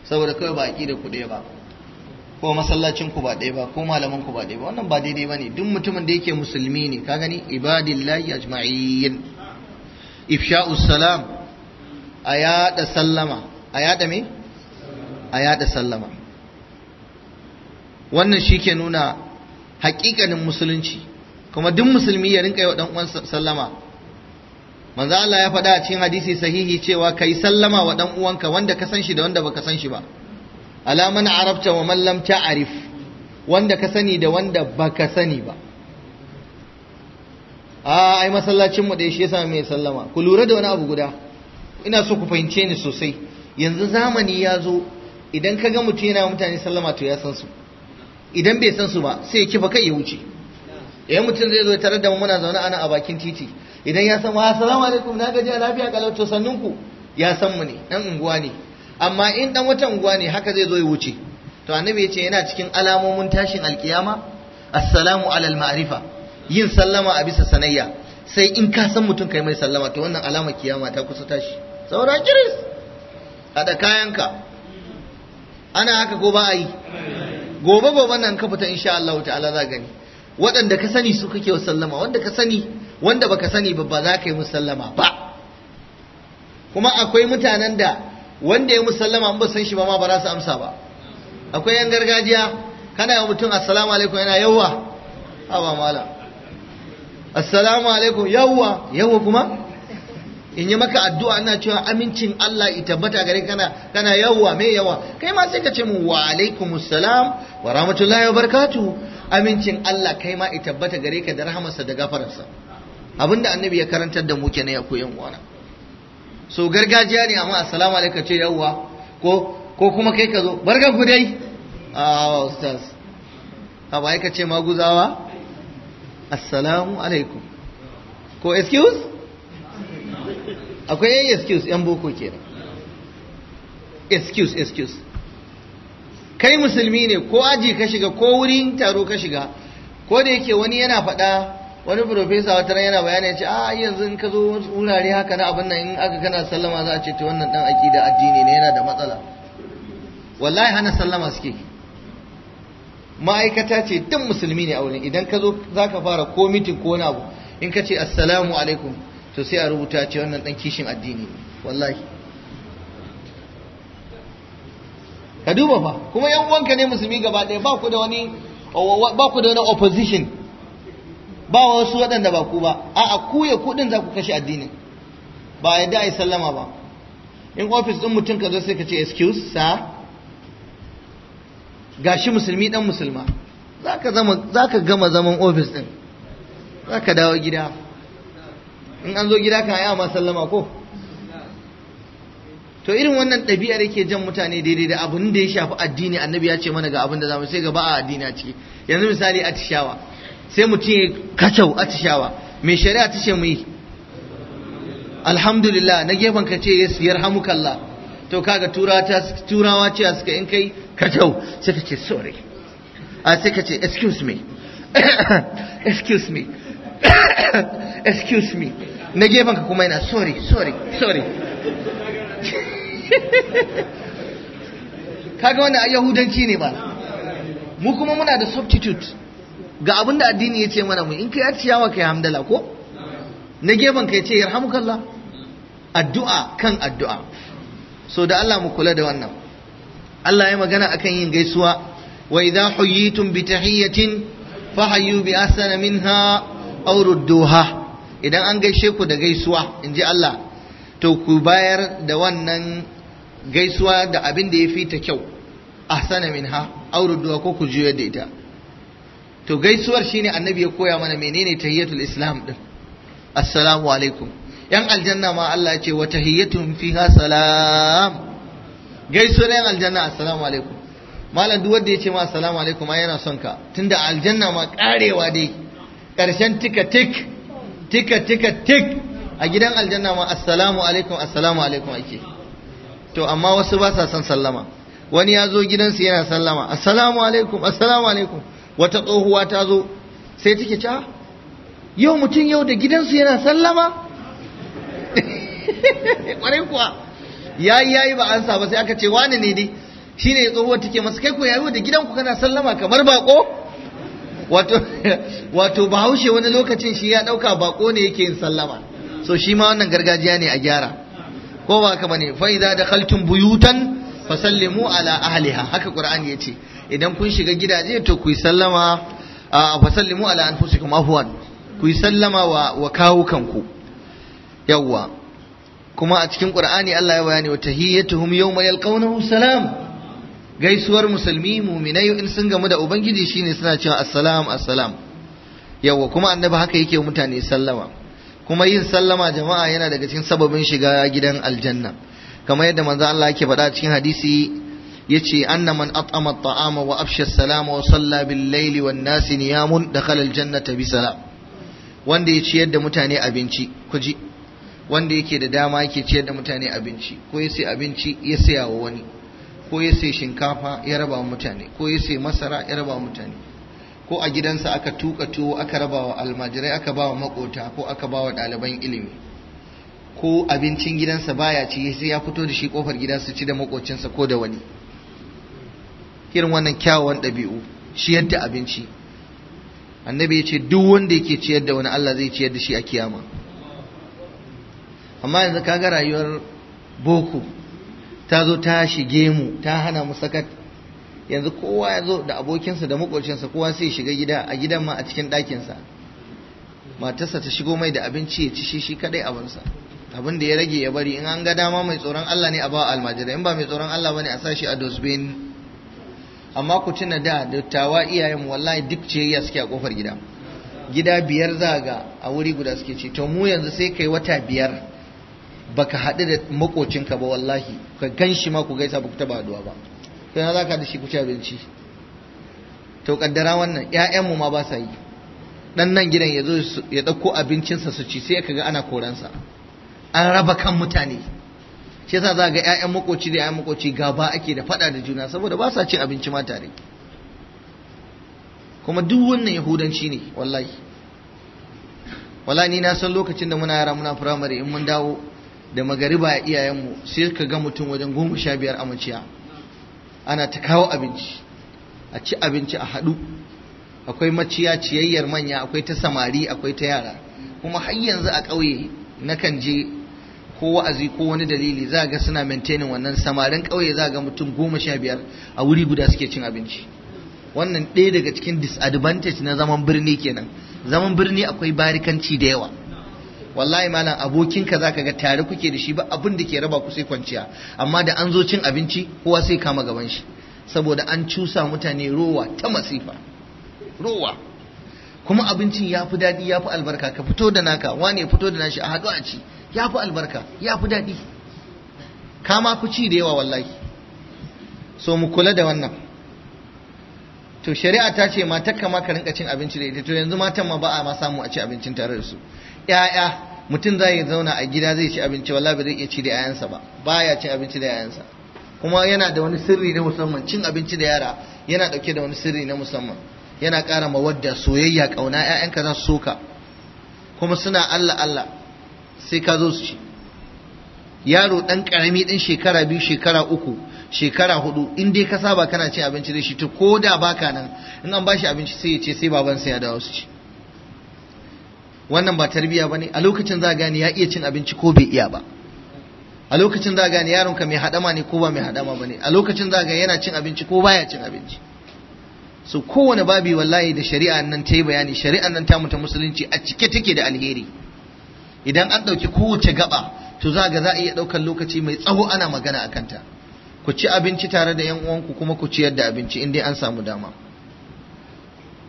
saboda kawai ba aqida ku ɗaya ba ko masallacin ku ba ɗaya ba ko malaman ku ba ɗaya ba wannan ba daidai bane duk mutumin da yake musulmi ne ka gani ibadillahi ajma'in Ifsha'u salam a yaɗa sallama a yaɗa me a yaɗa sallama wannan shi ke nuna haƙiƙanin musulunci kuma duk musulmi ya rinka yi wa ɗan uwan sallama manzo Allah ya faɗa a cikin hadisi sahihi cewa kai sallama wa ɗan uwanka wanda ka san shi da wanda baka san shi ba ala man arabta wa man lam ta'rif wanda ka sani da wanda baka sani ba a ai masallacin mu da shi yasa mai sallama ku lura da wani abu guda ina so ku fahimce ni sosai yanzu zamani ya zo idan ka ga mutum yana mutane sallama to ya san su idan bai san su ba sai ya kifa kai ya wuce eh mutum zai zo tare da mu muna zaune ana a bakin titi idan ya san wa assalamu alaikum na gaji a lafiya kalau to sannunku ya san mu ne dan unguwa ne amma in dan wata unguwa ne haka zai zo ya wuce to annabi ya ce yana cikin alamomin tashin alkiyama assalamu alal ma'rifa yin sallama a bisa sanayya sai in ka san mutum kai mai sallama to wannan alama kiyama ta kusa tashi saboda kiris hada kayanka ana haka ko ba a yi gobe gobe nan ka fita insha Allah ta'ala za gani waɗanda ka sani su kake wa sallama wanda ka sani wanda baka sani ba ba za ka yi musallama sallama ba kuma akwai mutanen da wanda ya musallama an ba san shi ba ma ba za su amsa ba akwai yan gargajiya kana yi mutum assalamu alaikum yana yawwa haba mala assalamu alaikum yawwa yawwa kuma in yi maka addu'a ina cewa amincin Allah ya tabbata gare kana kana yawwa me yawa kai ma sai ka ce mu wa alaikumus salam wa rahmatullahi wa barakatuh amincin Allah kai ma ya tabbata gare ka da rahamarsa da gafararsa abinda annabi ya karantar da mu kenan ya koyan uwana so gargajiya ne amma assalamu alaikum ce yawwa ko ko kuma kai ka zo barkan ku dai a ustaz a ba ka ce maguzawa assalamu alaikum ko excuse akwai yayi excuse yan boko kenan excuse excuse kai musulmi ne ko aji ka shiga ko wurin taro ka shiga ko da yake wani yana faɗa wani profesa wata nan yana bayani ce a ah, yanzu in ka zo wurare haka na abin nan in aka kana sallama za a ce ta wannan dan akida addini ne yana da matsala wallahi hana sallama suke ma'aikata ce duk musulmi ne a wurin idan ka zo za ka fara ko mitin ko abu in ka ce assalamu alaikum to sai a rubuta ce wannan dan kishin addini wallahi ka duba fa kuma yan uwanka ne musulmi gaba ɗaya ba da wani ba ku da wani opposition ba wasu waɗanda ba ku ba a'a ku ya kuɗin za ku kashe addinin ba a yadda a yi sallama ba in ofis ɗin mutum ka zo sai ka ce excuse sa gashi musulmi ɗan musulma za ka gama zaman ofis ɗin za ka dawo gida in an zo gida ka haya ma sallama ko to irin wannan ɗabi'ar yake jan mutane daidai da abin da ya shafi addini annabi ya ce mana ga abin da zamu sai gaba a addini a ciki yanzu misali atishawa sai mutum ya kacau atishawa mai shari'a ta ce mu yi alhamdulillah na gefen ka ce yes kalla to kaga turawa ce suka in kai kacau sai ka ce sorry a sai ka ce excuse me excuse me excuse me na gefen ka kuma yana sorry sorry sorry kaga wannan yahudanci ne ba mu kuma muna da substitute ga abin da addini ya ce mana mu in ka yi ciyawa kai hamdala ko na gefen kai ce yarhamukallah addu'a kan addu'a so da Allah mu kula da wannan Allah ya magana akan yin gaisuwa wa idza huyitum bi tahiyatin fahayyu bi ahsana minha aw rudduha idan an gaishe ku da gaisuwa in ji Allah to ku bayar da wannan gaisuwa da abin da ya fi ta kyau ahsana minha aw rudduha ko ku juyar da ita to gaisuwar shine annabi ya koya mana menene tahiyatul islam din assalamu alaikum yan aljanna ma Allah ya ce wa tahiyatun fiha salam gaisuwar yan aljanna assalamu alaikum malam duk wanda ya ce ma assalamu alaikum yana son ka tunda aljanna ma karewa dai karshen tika tik tika tika tik a gidan aljanna ma assalamu alaikum assalamu alaikum ake to amma wasu ba sa son sallama wani ya zo gidansu yana sallama assalamu alaikum assalamu alaikum wata tsohuwa ta zo sai take ca yau mutum yau da gidansu yana sallama ƙwarai kuwa ya yi ba an ba sai aka ce wani ne ne? shi ne tsohuwar take masa kai ku yayi da gidanku kana sallama kamar bako wato bahaushe wani lokacin shi ya dauka bako ne yake yin sallama so shi ma wannan gargajiya ne a gyara ko ba kama bane faiza, idza buyutan fasallimu ala ahliha haka ya ce. idan kun shiga gidaje to ku yi sallama a fasallimu ala anfusikum afwan ku yi sallama wa, wa kawo kanku yawwa kuma a cikin qur'ani Allah ya bayani wa tahiyyatuhum yawma yalqawnahu salam gaisuwar musulmi mu'minai in sun gamu da ubangiji shine suna cewa assalam assalam yawwa kuma annabi haka yake mutane sallama kuma yin sallama jama'a yana daga cikin sababin shiga gidan aljanna kamar yadda manzo Allah yake faɗa cikin hadisi yace anna man at'ama at-ta'ama wa afsha as-salama wa salla bil-layli wan-nasi niyamun dakhala al-jannata bi salam wanda ya ciyar da mutane abinci kuji wanda yake da dama yake ciyar da mutane abinci ko ya sai abinci ya saya wa wani ko ya sai shinkafa ya raba wa mutane ko ya sai masara ya raba wa mutane ko a gidansa aka tuka tuwo aka raba wa almajirai aka ba wa makota ko aka ba wa ɗaliban ilimi ko abincin gidansa baya ci sai ya fito da shi kofar gidansa ci da makocinsa ko da wani irin wannan kyawawan ɗabi'u ciyar da abinci annabi ya ce duk wanda yake ciyar da wani Allah zai ciyar da shi a kiyama amma yanzu kaga rayuwar boko ta zo ta shige mu ta hana mu sakat yanzu kowa ya zo da abokinsa da makocinsa kowa sai shiga gida a gidan ma a cikin ɗakinsa matarsa ta shigo mai da abinci ya ci shi shi kadai a barsa abin da ya rage ya bari in an ga dama mai tsoron Allah ne a bawa almajirai in ba mai tsoron Allah bane a sashi a dosbin amma ku tuna da dattawa iyayen wallahi duk ce ya suke a kofar gida gida biyar za ga a wuri guda suke ci to mu yanzu sai kai wata biyar baka haɗu da makocinka ba wallahi ka gan shi ma ku gaisa ba ku taɓa haɗuwa ba to na za ka da shi ku ci abinci to kaddara wannan mu ma ba sa yi dan nan gidan ya ya ɗauko abincinsa su ci sai ka ga ana koransa an raba kan mutane shi yasa za ga 'ya'yan makoci da ƴaƴan makoci gaba ake da faɗa da juna saboda ba sa cin abinci ma tare kuma duk wannan yahudanci ne wallahi wallahi ni na san lokacin da muna yara muna firamare in mun dawo da magariba a iyayenmu sai ka ga mutum wajen goma sha biyar amaciya ana ta kawo abinci a ci abinci a haɗu akwai maciya ciyayyar manya akwai ta samari akwai ta yara kuma har yanzu a ƙauye na kan je ko wa'azi ko wani dalili za ga suna maintaining wannan samarin ƙauye za ga mutum goma sha biyar a wuri guda suke cin abinci wannan ɗaya daga cikin disadvantage na zaman birni kenan zaman birni akwai barikanci da yawa wallahi malam abokinka za ka ga tare kuke da shi ba abin da ke raba ku sai kwanciya amma da an zo cin abinci kowa sai kama gaban shi saboda an cusa mutane rowa ta masifa rowa kuma abincin ya fi daɗi ya fi albarka ka fito da naka ya fito da nashi a haɗu a ci ya fi albarka ya fi daɗi kama ku ci da yawa wallahi so mu kula da wannan to shari'a ta ce mata kama ka rinka cin abinci da ita to yanzu matan ma ba a ma samu a ci abincin tare da su Yaya mutum za ya zauna a gida zai ci abinci wallahi ba zai iya ci da 'ya'yansa ba baya cin abinci da 'ya'yansa. kuma yana da wani sirri na musamman cin abinci da yara yana dauke da wani sirri na musamman yana ƙara mawadda soyayya kauna ƴaƴanka za su soka kuma suna Allah Allah sai ka zo su ci yaro ɗan ƙarami ɗan shekara biyu shekara uku shekara hudu in dai ka saba kana cin abinci da shi to ko da baka nan in an bashi abinci sai ya ce sai baban sai ya dawo su ci wannan ba tarbiya ba ne a lokacin za gane ya iya cin abinci ko bai iya ba a lokacin za gane yaronka mai haɗama ne ko ba mai haɗama ba ne a lokacin za gane yana cin abinci ko baya cin abinci so kowane babi wallahi da shari'a nan ta yi bayani shari'a nan ta mutu musulunci a cike take da alheri idan an ɗauki kowace gaba to za ga za a iya ɗaukar lokaci mai tsawo ana magana a kanta ku ci abinci tare da yan uwanku kuma ku ciyar da abinci in dai an samu dama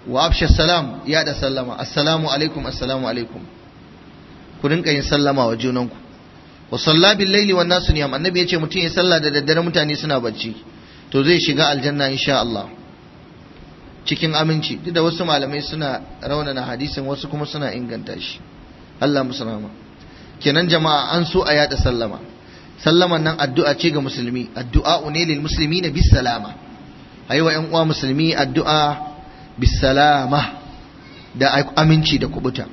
wa afsha salam ya da sallama assalamu alaikum assalamu alaikum ku rinka yin sallama wa junanku wa salla bil laili wan nasu niyam annabi yace mutum ya salla da daddare mutane suna bacci to zai shiga aljanna insha Allah cikin aminci duk da wasu malamai suna raunana hadisin wasu kuma suna inganta shi Allah musu rahama kenan jama'a an so a yada sallama Sallama nan addu'a ce ga musulmi addu'a ne lil musulmi na bis salama ayi wa uwa musulmi addu'a bis salama da aminci da kubuta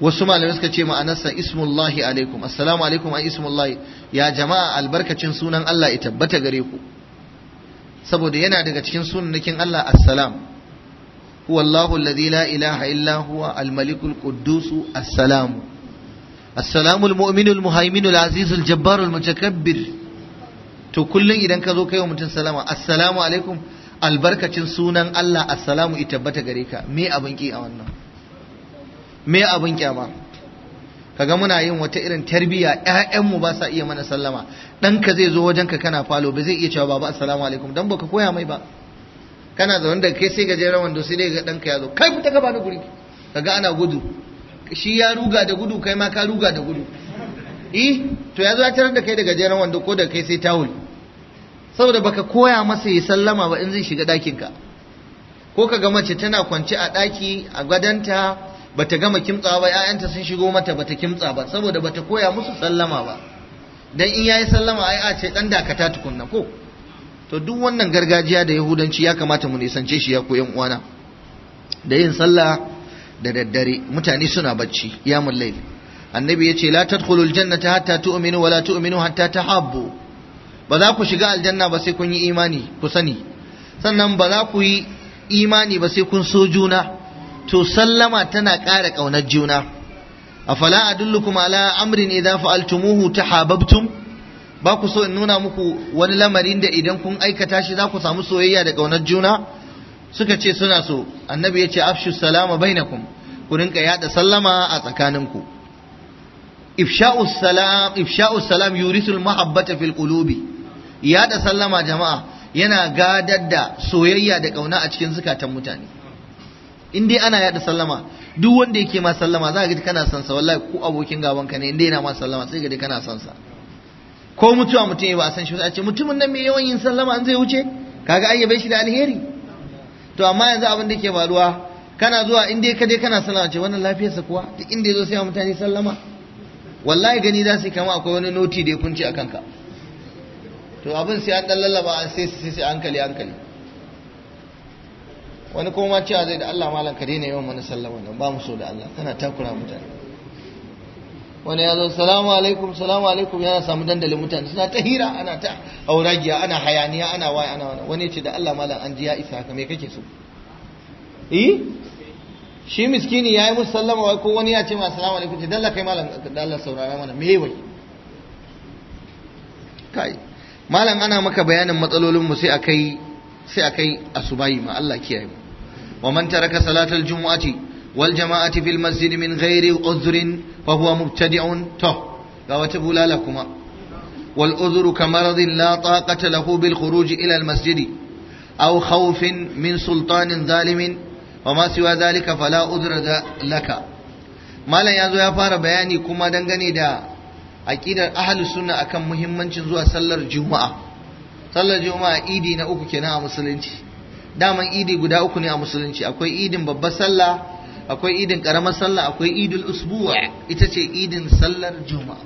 wasu malamai suka ce ma'anarsa ismullahi alaikum assalamu alaikum a ismullahi ya jama'a albarkacin sunan Allah ya tabbata gare ku saboda yana daga cikin sunanakin Allah assalam هو الله الذي لا إله إلا هو الملك القدوس السلام السلام المؤمن المهيمن العزيز الجبار المتكبر to kullum idan ka zo kai wa mutum salama assalamu alaikum albarkacin sunan Allah assalamu i tabbata gare ka me abin ki a wannan me abin kyama kaga muna yin wata irin tarbiyya ƴaƴanmu ba sa iya mana sallama ka zai zo wajenka kana falo ba zai iya cewa baba assalamu alaikum dan baka koya mai ba kana da wanda kai sai gajeren wando sai dai ga ɗanka ya zo kai fita gaba na guri kaga ana gudu shi ya ruga da gudu kai ma ka ruga da gudu eh to ya zo ya tarar da kai da gajeren wando ko da kai sai tawul saboda baka koya masa ya sallama ba in zai shiga ka ko kaga mace tana kwance a ɗaki a gadanta bata gama kimtsa ba ƴaƴanta sun shigo mata bata kimtsa ba saboda bata koya musu sallama ba dan in yayi sallama ai a ce dan dakata tukunna ko to duk wannan gargajiya da yahudanci ya kamata mu nisance shi ya ku yan uwana da yin sallah da daddare mutane suna bacci ya mullayl annabi ya ce la tadkhulul jannata hatta tu'minu wa la tu'minu hatta tahabbu ba za ku shiga aljanna ba sai kun yi imani ku sani sannan ba za ku yi imani ba sai kun so juna to sallama tana ƙara ƙaunar juna afala adullukum ala amrin idza fa'altumuhu tahabbtum ba ku so in nuna muku wani lamarin da idan kun aikata shi za ku samu soyayya da ƙaunar juna suka ce suna so annabi ya ce afshu salama bainakum ku rinka yada sallama a tsakaninku ifsha'u salam ifsha'u salam mahabbata fil qulubi yada sallama jama'a yana gadar da soyayya da ƙauna a cikin zukatan mutane in dai ana yada sallama duk wanda yake ma sallama za ka ga kana son sa wallahi ko abokin gaban ka ne in dai yana ma sallama sai ka ji kana son sa ko mutuwa mutum ya ba san shi wasu a ce mutumin nan mai yawan yin sallama an zai wuce kaga an bai shi da alheri to amma yanzu abin da ke faruwa kana zuwa in dai ka je kana sallama ce wannan lafiyarsa kuwa duk inda yazo sai mutane sallama wallahi gani za su kama akwai wani noti da ya kunce a kanka to abin sai an dan lallaba an sai sai sai hankali hankali wani kuma ma cewa zai da Allah malam ka daina yawan wani sallama nan ba mu so da Allah kana takura mutane wani ya zo salamu alaikum salamu alaikum yana samu dandalin mutane suna ta hira ana ta auragiya ana hayaniya ana waya ana wani wani ce da Allah malam an ji ya isa haka me kake so eh shi miskini yayi musu sallama wai ko wani ya ce ma salamu alaikum ce dalla kai malam da Allah saurara mana me wai kai malam ana maka bayanin matsalolin mu sai akai sai akai asubayi ma Allah kiyaye mu wa man taraka salatal jumu'ati والجماعة في المسجد من غير عذر فهو مبتدع ته قوات بلالكما والعذر كمرض لا طاقة له بالخروج إلى المسجد أو خوف من سلطان ظالم وما سوى ذلك فلا عذر لك malam ya zo ya fara bayani kuma dangane da aƙidar ahli sunna akan muhimmancin zuwa sallar juma'a sallar juma'a idi na uku kenan a musulunci daman idi guda uku ne a musulunci akwai idin babbar salla. akwai idin karamar sallah akwai idul usbuwa ita ce idin sallar juma'a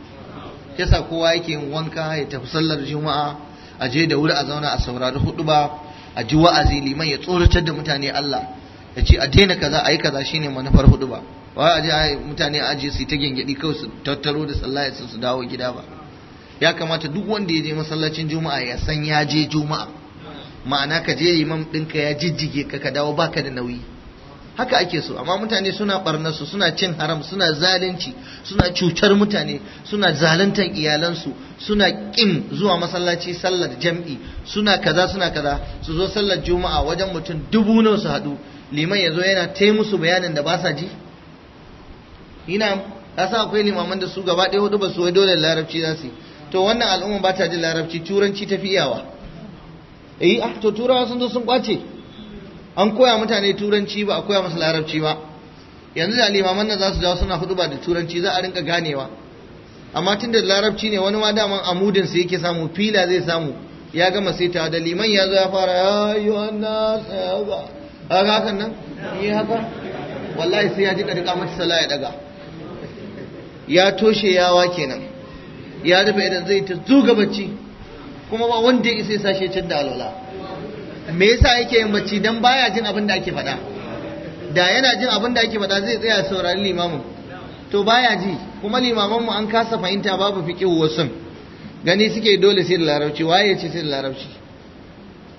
Kesa kowa yake yin wanka ya tafi sallar juma'a a je da wuri a zauna a saurari huduba a ji wa'azi liman ya tsoratar da mutane Allah ya ce a daina kaza a yi kaza shine manufar hudu ba a je mutane a je su ta gengedi kawai su tattaro da sallah ya su dawo gida ba ya kamata duk wanda ya je masallacin juma'a ya san ya je juma'a ma'ana ka je imam ɗinka ya jijjige ka ka dawo baka da nauyi haka ake so amma mutane suna barnarsu suna cin haram suna zalunci suna cutar mutane suna zaluntar iyalansu suna kin zuwa masallaci sallar jam'i suna kaza suna kaza su zo sallar juma'a wajen mutum dubu nawa su haɗu liman ya yana ta musu bayanin da ba sa ji ina ka sa akwai limaman da su gaba ɗaya hudu ba su wai dole larabci za su to wannan al'umma ba ta jin larabci turanci ta fi iyawa eh ah, to turawa sun zo sun kwace an koya mutane turanci ba a koya masa larabci ba yanzu da limaman nan za su dawo suna hudu ba da turanci za a rinka ganewa amma tun da larabci ne wani ma daman amudin sa yake samu fila zai samu ya gama sai ta da liman ya zo ya fara ya yi wannan a ga hakan nan yi haka wallahi sai ya ji da rika sala ya daga ya toshe yawa kenan ya rufe idan zai ta zuga bacci kuma ba wanda ya isa ya sashe can da alwala me yasa yake yin bacci dan baya jin abin da ake faɗa da yana jin abin da ake faɗa zai tsaya saurari limamin to baya ji kuma limaman mu an kasa fahimta babu fiqihu wasun gani suke dole sai da larabci waye ce sai da larabci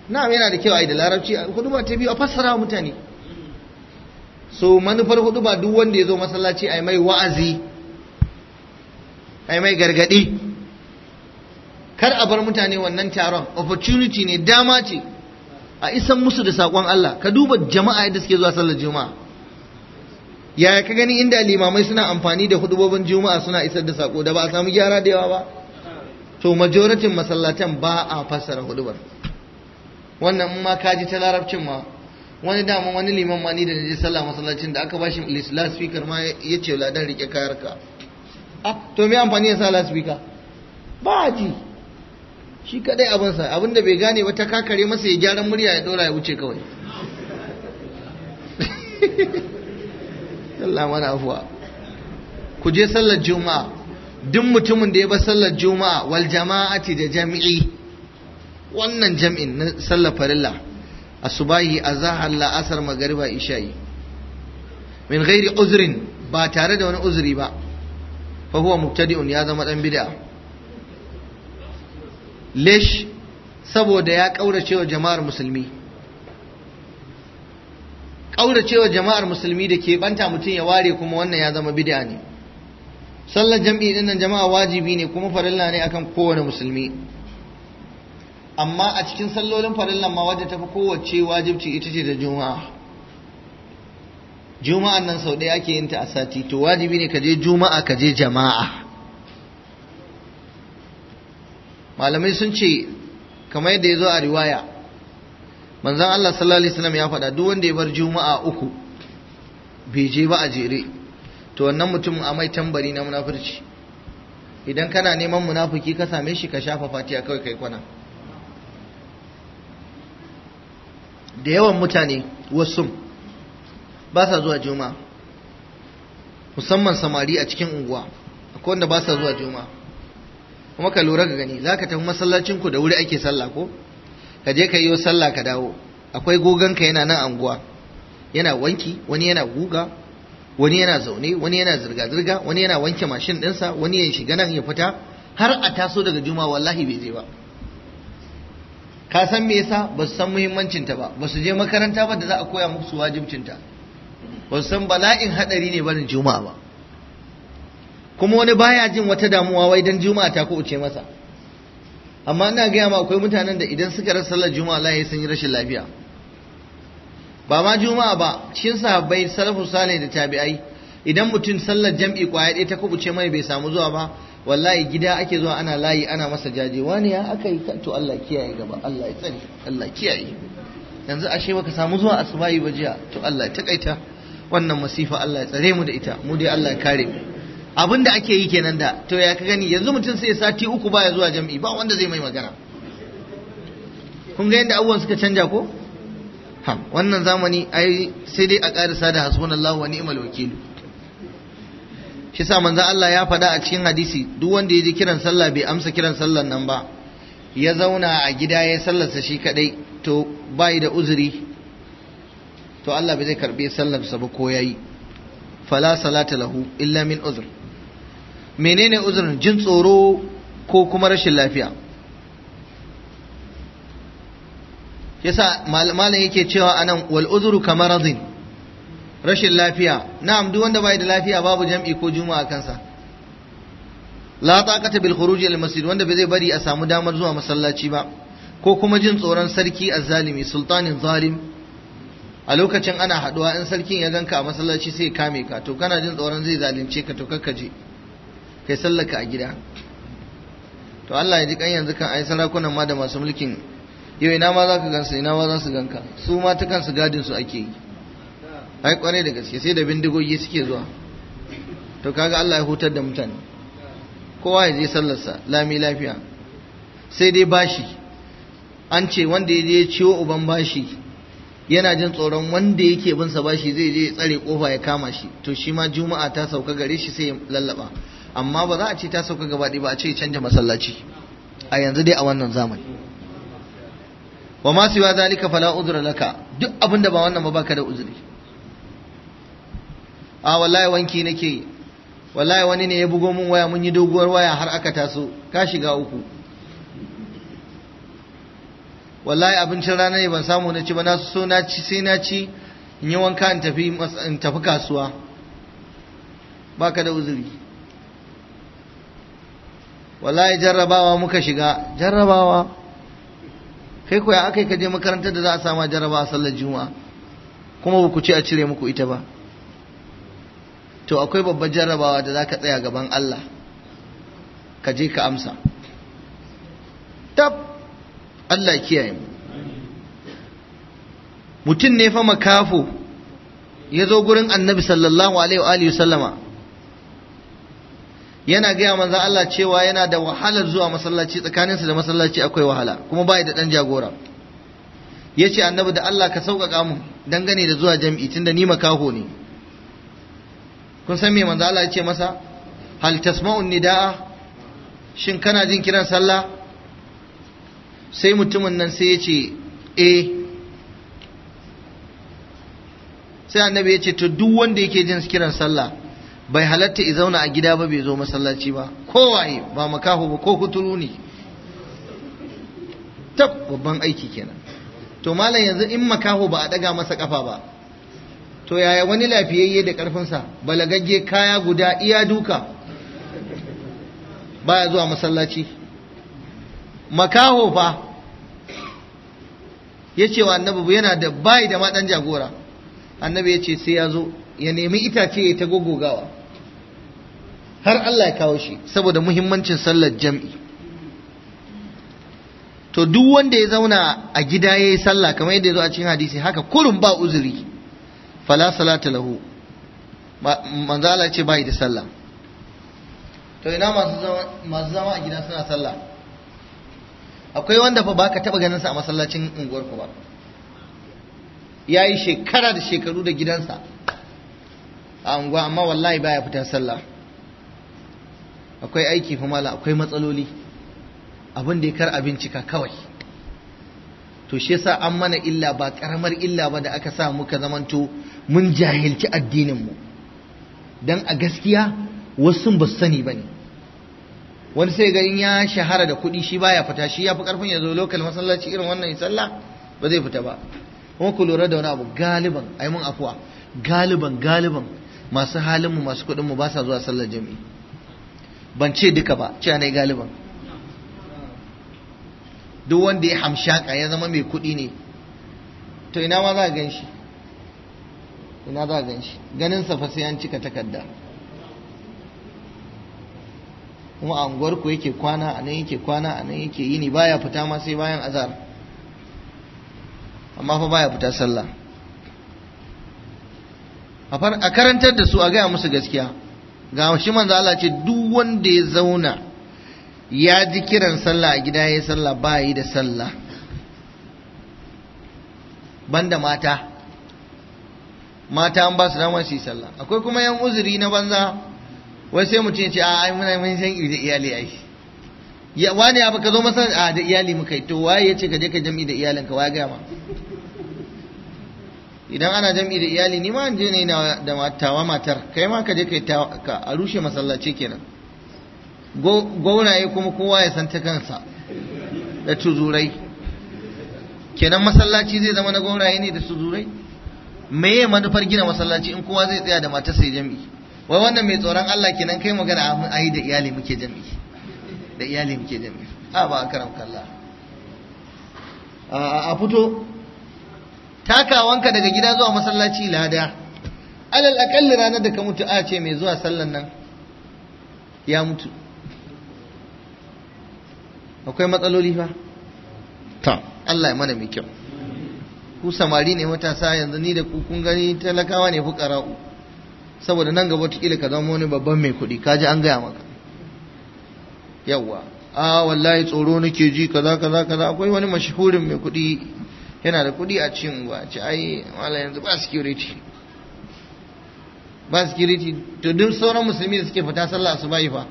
na'am yana da kyau ai da larabci huduma ta biyu a fassara mutane so manufar huduma duk wanda ya zo masallaci ai mai wa'azi ai mai gargadi kar a bar mutane wannan taron opportunity ne dama ce a isan musu da sakon Allah ka duba jama'a yadda suke zuwa sallar juma'a yaya ka gani inda limamai suna amfani da hudubobin juma'a suna isar da sako da ba a samu gyara da yawa ba to majoratin masallatan ba a fassara hudubar wannan in ma kaji ta larabcin ma wani dama wani liman ma ni da je sallah masallacin da aka bashi last speaker ma ya ce ladan rike kayarka ah to me amfani ya sa last speaker ba ji shi kadai abinsa abinda bai gane ba ta kakare masa ya gyaran murya ya dora ya wuce kawai Allah mana afuwa ku je sallar juma'a duk mutumin da ya ba sallar juma'a wal jama'ati da jami'i wannan jami'in na sallar farilla asubahi azahar la'asar magariba isha'i min gairi uzrin ba tare da wani uzuri ba fa huwa mubtadi'un ya zama dan bid'a lish saboda ya ƙauracewa jama'ar musulmi kauracewa jama'ar musulmi da ke banta mutum ya ware kuma wannan ya zama bid'a ne sallar jam'i din nan jama'a wajibi ne kuma farilla ne akan kowane musulmi amma a cikin sallolin farillan ma wadda tafi kowace wajibci ita ce da juma'a juma'an nan sau ɗaya ake yin ta a sati to wajibi ne ka je juma'a ka je jama'a malamai sun ce kamar yadda ya zo a riwaya manzan Allah sallallahu alaihi wasallam ya faɗa duk wanda ya bar juma'a uku bai je ba a jere to wannan mutum a mai tambari na munafurci idan kana neman munafuki ka same shi ka shafa fatiya kawai kai kwana da yawan mutane wasu ba sa zuwa juma'a musamman samari a cikin unguwa akwai wanda ba sa zuwa juma'a kuma ka lura ga gani za ka tafi masallacin ku da wuri ake sallah ko ka je ka yi sallah ka dawo akwai gogon ka yana nan anguwa yana wanki wani yana guga wani yana zaune wani yana zirga-zirga wani yana wanke mashin ɗinsa wani ya shiga nan ya fita har a taso daga juma'a wallahi bai je ba ka san me yasa ba su san muhimmancinta ba ba su je makaranta ba da za a koya musu wajibcinta ba su san bala'in hadari ne barin juma'a ba kuma wani baya jin wata damuwa wai dan juma'a ta kubuce uce masa amma ina gaya ma akwai mutanen da idan suka rasa sallar juma'a Allah sun yi rashin lafiya ba ma juma'a ba cikin sahabbai salafu salih da tabi'ai idan mutum sallar jam'i kwaya ɗaya ta kubuce mai bai samu zuwa ba wallahi gida ake zuwa ana layi ana masa jaje wani ya akai to Allah kiyaye gaba Allah ya tsare Allah kiyaye yanzu ashe baka samu zuwa asubahi ba jiya to Allah ya takaita wannan masifa Allah ya tsare mu da ita mu dai Allah ya kare mu abin da ake yi kenan da to ya ka gani yanzu mutum sai sati uku ba ya zuwa jam'i ba wanda zai mai magana kun ga yadda abubuwan suka canja ko ha wannan zamani ai sai dai a ƙarisa da hasbunallahu wa ni'mal wakilu shi sa manzo Allah ya faɗa a cikin hadisi duk wanda ya ji kiran sallah bai amsa kiran sallar nan ba ya zauna a gida ya sallarsa shi kadai to bai da uzuri to Allah bai zai karbe sallarsa ba ko yayi fala salata lahu illa min uzr menene uzurin jin tsoro ko kuma rashin lafiya yasa malam yake cewa anan wal uzuru kamaradin rashin lafiya na'am duk wanda bai da lafiya babu jam'i ko juma'a kansa la taqata bil khuruj al masjid wanda bai zai bari a samu damar zuwa masallaci ba ko kuma jin tsoron sarki azzalimi sultanin zalim a lokacin ana haduwa in sarkin ya ganka a masallaci sai ya kame ka to kana jin tsoron zai zalunce ka to kakkaje je kai sallaka a gida to Allah ya ji kan yanzu kan ai sarakunan ma da masu mulkin yau ina ma za ka gansu ina ma za su ganka su ma ta kansu gadin su ake yi ai kwarai da gaske sai da bindigogi suke zuwa to kaga Allah ya hutar da mutane kowa ya je sallarsa lami lafiya sai dai bashi an ce wanda ya je ciwo uban bashi yana jin tsoron wanda yake bin sa bashi zai je tsare kofa ya kama shi to shi ma juma'a ta sauka gare shi sai ya lallaba amma ba za a ce ta sauka gaba ɗaya ba a ce canja masallaci a yanzu dai a wannan zamani wa ma siwa zalika fala uzra laka duk abinda ba wannan ba baka da uzuri a wallahi wanki nake wallahi wani ne ya bugo min waya mun yi doguwar waya har aka taso ka shiga uku wallahi abincin rana ne ban samu na ci ba na so na ci sai na ci in yi wanka in tafi kasuwa baka da uzuri wallahi jarrabawa muka shiga jarrabawa kai ya akai ka je makarantar da za a sama jarrabawa sallar juma'a kuma ba ku ce a cire muku ita ba to akwai babbar jarrabawa da za ka tsaya gaban Allah ka je ka amsa tab Allah kiyaye mu mutum ne fa makafo ya zo gurin annabi sallallahu alaihi wa sallama yana gaya manzo Allah cewa yana da wahalar zuwa masallaci tsakaninsa da masallaci akwai wahala kuma bai da dan jagora yace annabi da Allah ka sauƙaƙa mu dangane da zuwa jam'i tunda ni makaho ne kun san me manzo Allah ya ce masa hal tasma'un nida'a shin kana jin kiran sallah sai mutumin nan sai ya ce eh sai annabi ya ce to duk wanda yake jin kiran sallah bai halatta i zauna a gida ba bai zo masallaci ba kowaye ba makaho ba ko kuturu ne tab babban aiki kenan to malam yanzu in makaho ba a daga masa kafa ba to yaya wani lafiyayye da karfinsa balagagge kaya guda iya duka baya zuwa masallaci makaho fa ya ce wa annabi yana da bai da ma dan jagora annabi ya ce sai ya zo ya nemi itace ya ta gogogawa har Allah ya kawo shi saboda muhimmancin sallar jam'i to duk wanda ya zauna a gida ya yi sallah kamar yadda ya zo a cikin hadisi haka kurun ba uzuri fala salata lahu manzala ce bai da sallah to ina masu zama masu zama a gida suna sallah akwai wanda fa baka taba ganin sa a masallacin unguwar ku ba yayi shekara da shekaru da gidansa a unguwa amma wallahi baya fita sallah akwai aiki fa mala akwai matsaloli abin da ya kar a bincika kawai to shi yasa an mana illa ba karamar illa ba da aka sa muka zamanto mun jahilci addinin mu dan a gaskiya wasu ba su sani ba ne wani sai ganin ya shahara da kuɗi shi baya fita shi yafi karfin ya zo lokal masallaci irin wannan sallah ba zai fita ba kuma ku lura da wani abu galiban ai mun afuwa galiban galiban masu halinmu masu kuɗinmu ba sa zuwa sallar jami'i ban ce duka ba cewa ne galiban duk wanda ya hamshaka ya zama mai kuɗi ne to ina ma za a gan shi ina za a gan shi ganin sa fa sai an cika takarda kuma a unguwar ku yake kwana a nan yake kwana a nan yake yini baya fita ma sai bayan azar amma fa baya fita sallah a karantar da su a gaya musu gaskiya ga shi manzo Allah ce duk wanda ya zauna ya ji kiran sallah a gida ya sallah ba yi da sallah banda mata mata an ba su damar su yi sallah akwai kuma yan uzuri na banza wai sai mutum ce a ai muna mun san da iyali ai ya wani abu ka zo masa a da iyali muka yi to waye ya ce ka je ka jami'i da iyalinka waye ga idan ana jam'i da iyali ni ma je ne da matawa matar kai ma ka je kai ka a rushe masallaci kenan gauraye kuma kowa ya san ta kansa da tuzurai kenan masallaci zai zama na gauraye ne da tuzurai meye manufar gina masallaci in kowa zai tsaya da matar sai jam'i wai wannan mai tsoron Allah kenan kai magana a yi da iyali muke jam'i da iyali muke jam'i a ba a karam kallah a fito takawanka daga gida zuwa masallaci lada alal akalli ranar da ka mutu a ce mai zuwa sallan nan ya mutu akwai matsaloli ba ta Allah ya mana mai kyau ku samari ne matasa yanzu ni da kukun kun gani talakawa ne fukara'u saboda nan gaba tukila ka zama wani babban mai kuɗi kaji an gaya maka yawwa a wallahi tsoro nake ji kaza kaza kaza akwai wani mashahurin mai kuɗi yana da kuɗi a cikin unguwa ce ai mala yanzu ba security ba security to duk sauran musulmi da suke fita sallah su bai fa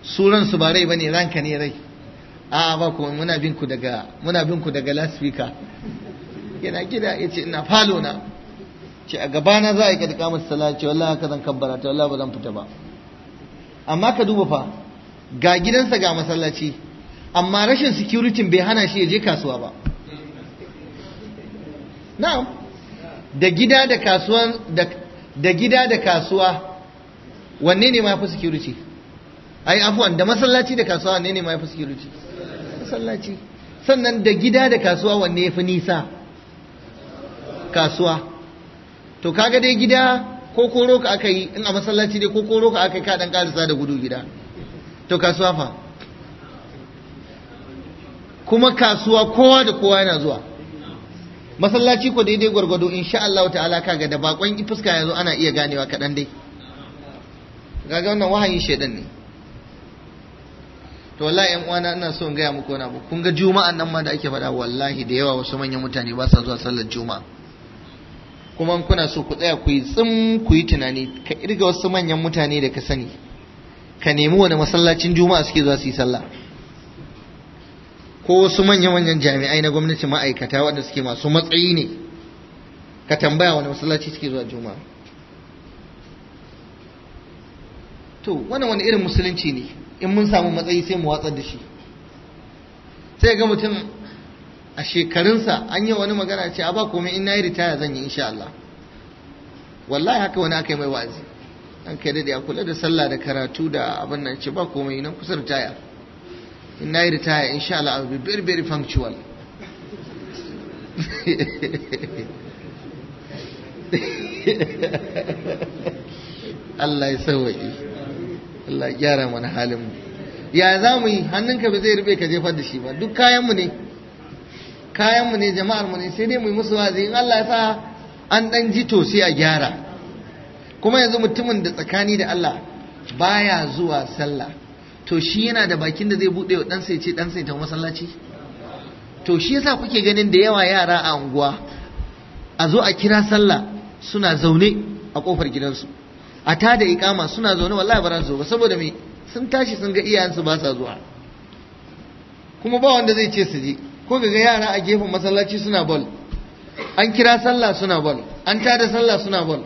suran su ba rai bane ranka ne rai a ba ku muna bin ku daga muna bin ku daga last speaker yana gida yace ina falo na ce a gabana za a yi kadika masa sallah ce wallahi haka zan kabbara ta wallahi ba zan fita ba amma ka duba fa ga gidansa ga masallaci amma rashin security bai hana shi ya je kasuwa ba na'am da gida da kasuwa da gida da kasuwa wanne ne mafi security ai afwan da masallaci da kasuwa wanne ne mafi security masallaci sannan da gida da kasuwa wanne ya fi nisa kasuwa to kaga dai gida ko koro ka aka yi in a masallaci dai ko koro ka aka yi ka dan karisa da gudu gida to kasuwa fa kuma kasuwa kowa da kowa yana zuwa masallaci ko daidai gwargwado sha Allah ta'ala ga da bakon fuska yazo ana iya ganewa kaɗan dai kaga wannan wahayin shedan ne to wallahi yan uwana ina so in gaya muku wani abu kun ga juma'an nan ma da ake faɗa wallahi da yawa wasu manyan mutane ba sa zuwa sallar juma'a kuma kuna so ku tsaya ku yi tsim ku yi tunani ka irga wasu manyan mutane da ka sani ka nemi wani masallacin juma'a suke zuwa su yi sallah ko wasu manya-manyan jami'ai na gwamnati ma'aikata waɗanda suke masu matsayi ne ka tambaya wani masallaci suke zuwa juma'a to wannan wani irin musulunci ne in mun samu matsayi sai mu watsar da shi sai ga mutum a shekarunsa an yi wani magana ce a ba komai in nayi ritaya zan yi insha Allah wallahi haka wani aka yi mai wa'azi an kai da kula da sallah da karatu da abin nan ce ba komai nan kusa ritaya in na yi ritaya sha Allah abu very very punctual Allah ya sauwaƙe Allah ya gyara mana halin mu ya za mu yi hannunka ba zai rube ka jefar da shi ba duk kayanmu ne kayanmu ne jama'ar mu ne sai dai mu yi musu wazi in Allah ya sa an ɗan ji to sai a gyara kuma yanzu mutumin da tsakani da Allah baya zuwa sallah to shi yana da bakin da zai buɗe wa ɗansa ya ce ɗansa ya tafi masallaci to shi yasa kuke ganin da yawa yara a unguwa a zo a kira sallah suna zaune a kofar gidansu a ta da ikama suna zaune wallahi ba zo saboda me sun tashi sun ga iyayensu ba sa zuwa kuma ba wanda zai ce su je ko ga yara a gefen masallaci suna bol an kira sallah suna bol an ta da sallah suna bol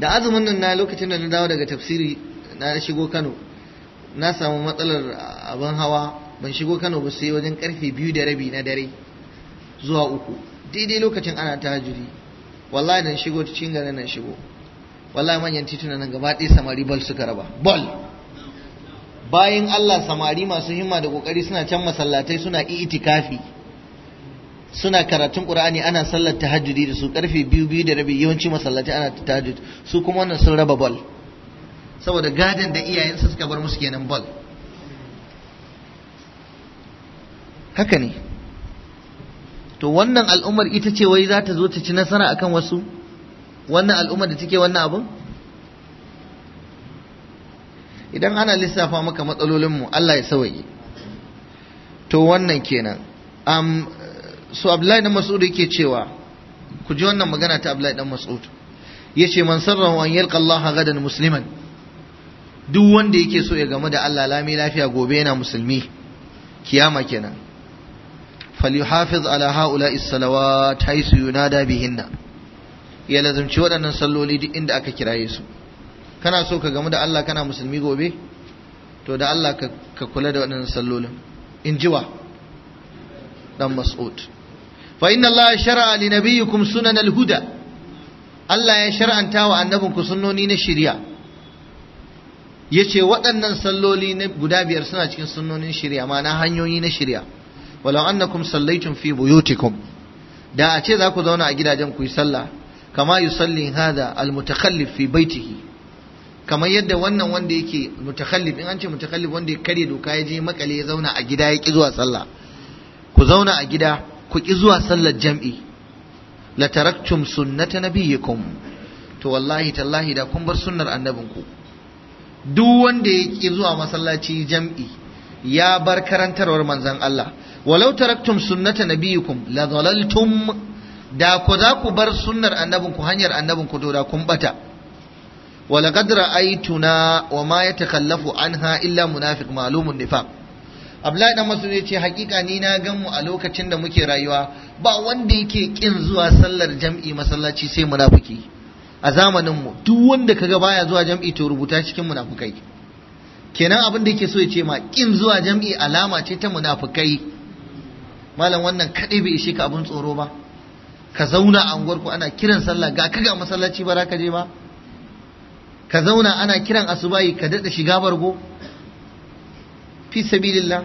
da azumin nan na lokacin da na dawo daga tafsiri na shigo Kano na samu matsalar abin hawa ban shigo Kano ba sai wajen karfe biyu da rabi na dare zuwa uku daidai lokacin ana tahajjudi wallahi dan shigo cikin garin nan shigo wallahi manyan tituna nan gaba ɗaya samari bal suka raba bal bayan Allah samari masu himma da kokari suna can masallatai suna itikafi suna karatun qur'ani ana sallar tahajjudi da su karfe biyu biyu da rabi yawanci masallaci ana tahajjud su kuma wannan sun raba ball saboda gadon da su suka bar musu kenan ball haka ne to wannan al'ummar ita ce wai za ta zo ta ci nasara akan wasu wannan al'ummar da take wannan abun idan ana lissafa maka matsalolinmu Allah ya sawaye to wannan kenan um, su abdullahi dan mas'ud yake cewa ku ji wannan magana ta abdullahi dan mas'ud yace man sarrahu an yalqa Allah gadan musliman duk wanda yake so ya gamu da Allah lami lafiya gobe yana musulmi kiyama kenan falyuhafiz ala haula'i salawat haythu yunada bihinna ya lazumci waɗannan salloli duk inda aka kiraye su kana so ka gamu da Allah kana musulmi gobe to da Allah ka kula da waɗannan sallolin Injiwa. jiwa dan mas'ud fa inna Allah shar'a li nabiyikum sunan al-huda Allah ya shar'anta wa annabinku sunnoni na shari'a yace waɗannan salloli na guda biyar suna cikin sunnonin shari'a ma'ana hanyoyi na shari'a walau annakum sallaitum fi buyutikum da a ce za ku zauna a gidajen ku yi sallah kama yusalli hada al-mutakhallif fi baitihi kamar yadda wannan wanda yake mutakallif in an ce mutakallif wanda ya kare doka ya je makale ya zauna a gida ya ki zuwa sallah ku zauna a gida ku ki zuwa sallar jam'i la taraktum sunnata nabiyyikum to wallahi tallahi da kun bar sunnar annabinku duk wanda ya ki zuwa masallaci jam'i ya bar karantarwar manzon Allah walau taraktum sunnata nabiyyikum la dhalaltum da ku za ku bar sunnar annabinku hanyar annabinku to da kun bata ولقد رأيتنا وما يتخلف anha illa منافق malumun النفاق Abdullahi dan Mas'ud ya ce hakika ni na gan mu a lokacin da muke rayuwa ba wanda yake kin zuwa sallar jam'i masallaci sai munafiki a zamanin mu duk wanda kaga baya zuwa jam'i to rubuta cikin munafikai kenan abin da yake so ya ce ma kin zuwa jam'i alama ce ta munafikai malam wannan kadai bai ishe ka abin tsoro ba ka zauna a unguwarku ana kiran sallah ga ka masallaci ba za ka je ba ka zauna ana kiran asubahi ka dada shiga bargo fi sabilillah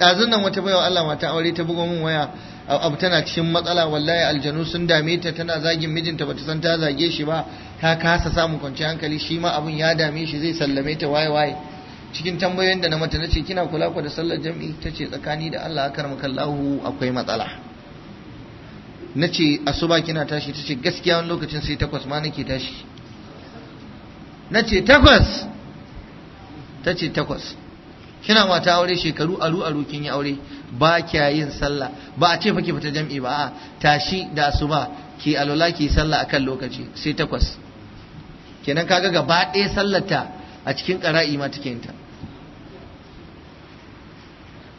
dazun nan wata bayawa Allah mata aure ta buga min waya abu tana cikin matsala wallahi aljanu sun dame ta tana zagin mijinta bata san ta zage shi ba ta kasa samun kwanciyar hankali shi ma abun ya dame shi zai sallame ta waye waye cikin tambayoyin da na mata nace kina kula ku da sallar jam'i tace tsakani da Allah akarmaka kallahu akwai matsala nace asuba kina tashi tace gaskiya wani lokacin sai takwas ma nake tashi nace takwas tace takwas kina mata aure shekaru aru aru kin yi aure ba kya yin sallah ba a ce fa ki fita jam'i ba a tashi da asuba ki alwala ki sallah akan lokaci sai takwas kenan kaga gaba ɗaya sallata a cikin ƙara'i ma take ta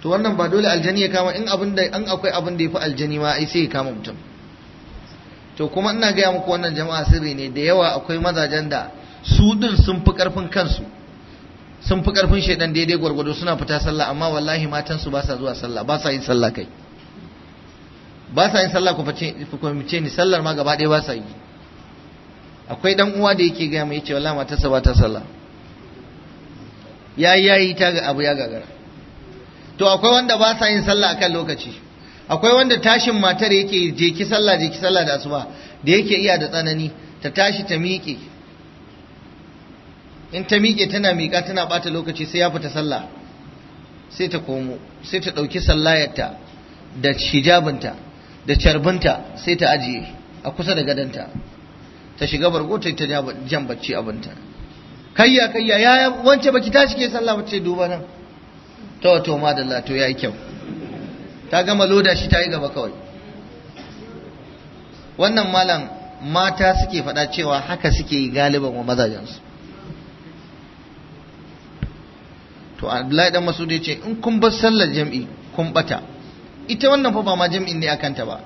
to wannan ba dole aljani ya kama in abin da an akwai abin da ya fi aljani ma ai sai ya kama mutum to kuma ina gaya muku wannan jama'a sirri ne da yawa akwai mazajen da su din sun fi ƙarfin kansu sun fi karfin shaidan daidai gwargwado suna fita sallah amma wallahi matan su ba sa zuwa sallah ba sa yin sallah kai ba sa yin sallah ku fice ni sallar ma gaba ɗaya ba sa yi akwai dan uwa da yake gaya mai yace wallahi matarsa ba ta sallah yayi yayi ta ga abu ya gagara to akwai wanda ba sa yin sallah akan lokaci akwai wanda tashin matar yake je ki sallah je ki sallah da asuba da yake iya da tsanani ta tashi ta miƙe in ta miƙe tana miƙa tana ɓata lokaci sai ya fita sallah sai ta komo sai ta ɗauki sallayarta da hijabinta da carbinta sai ta ajiye a kusa da gadonta ta shiga bargo ta ta jan bacci abinta kayya kayya ya wance baki ta ke sallah bace duba nan ta wato madalla to yayi kyau ta gama loda shi ta yi gaba kawai wannan malam mata suke faɗa cewa haka suke yi galiban wa mazajensu to abdullahi dan masudi ya ce in kun bar sallar jam'i kun bata ita wannan fa ba ma jam'in ne akan ta ba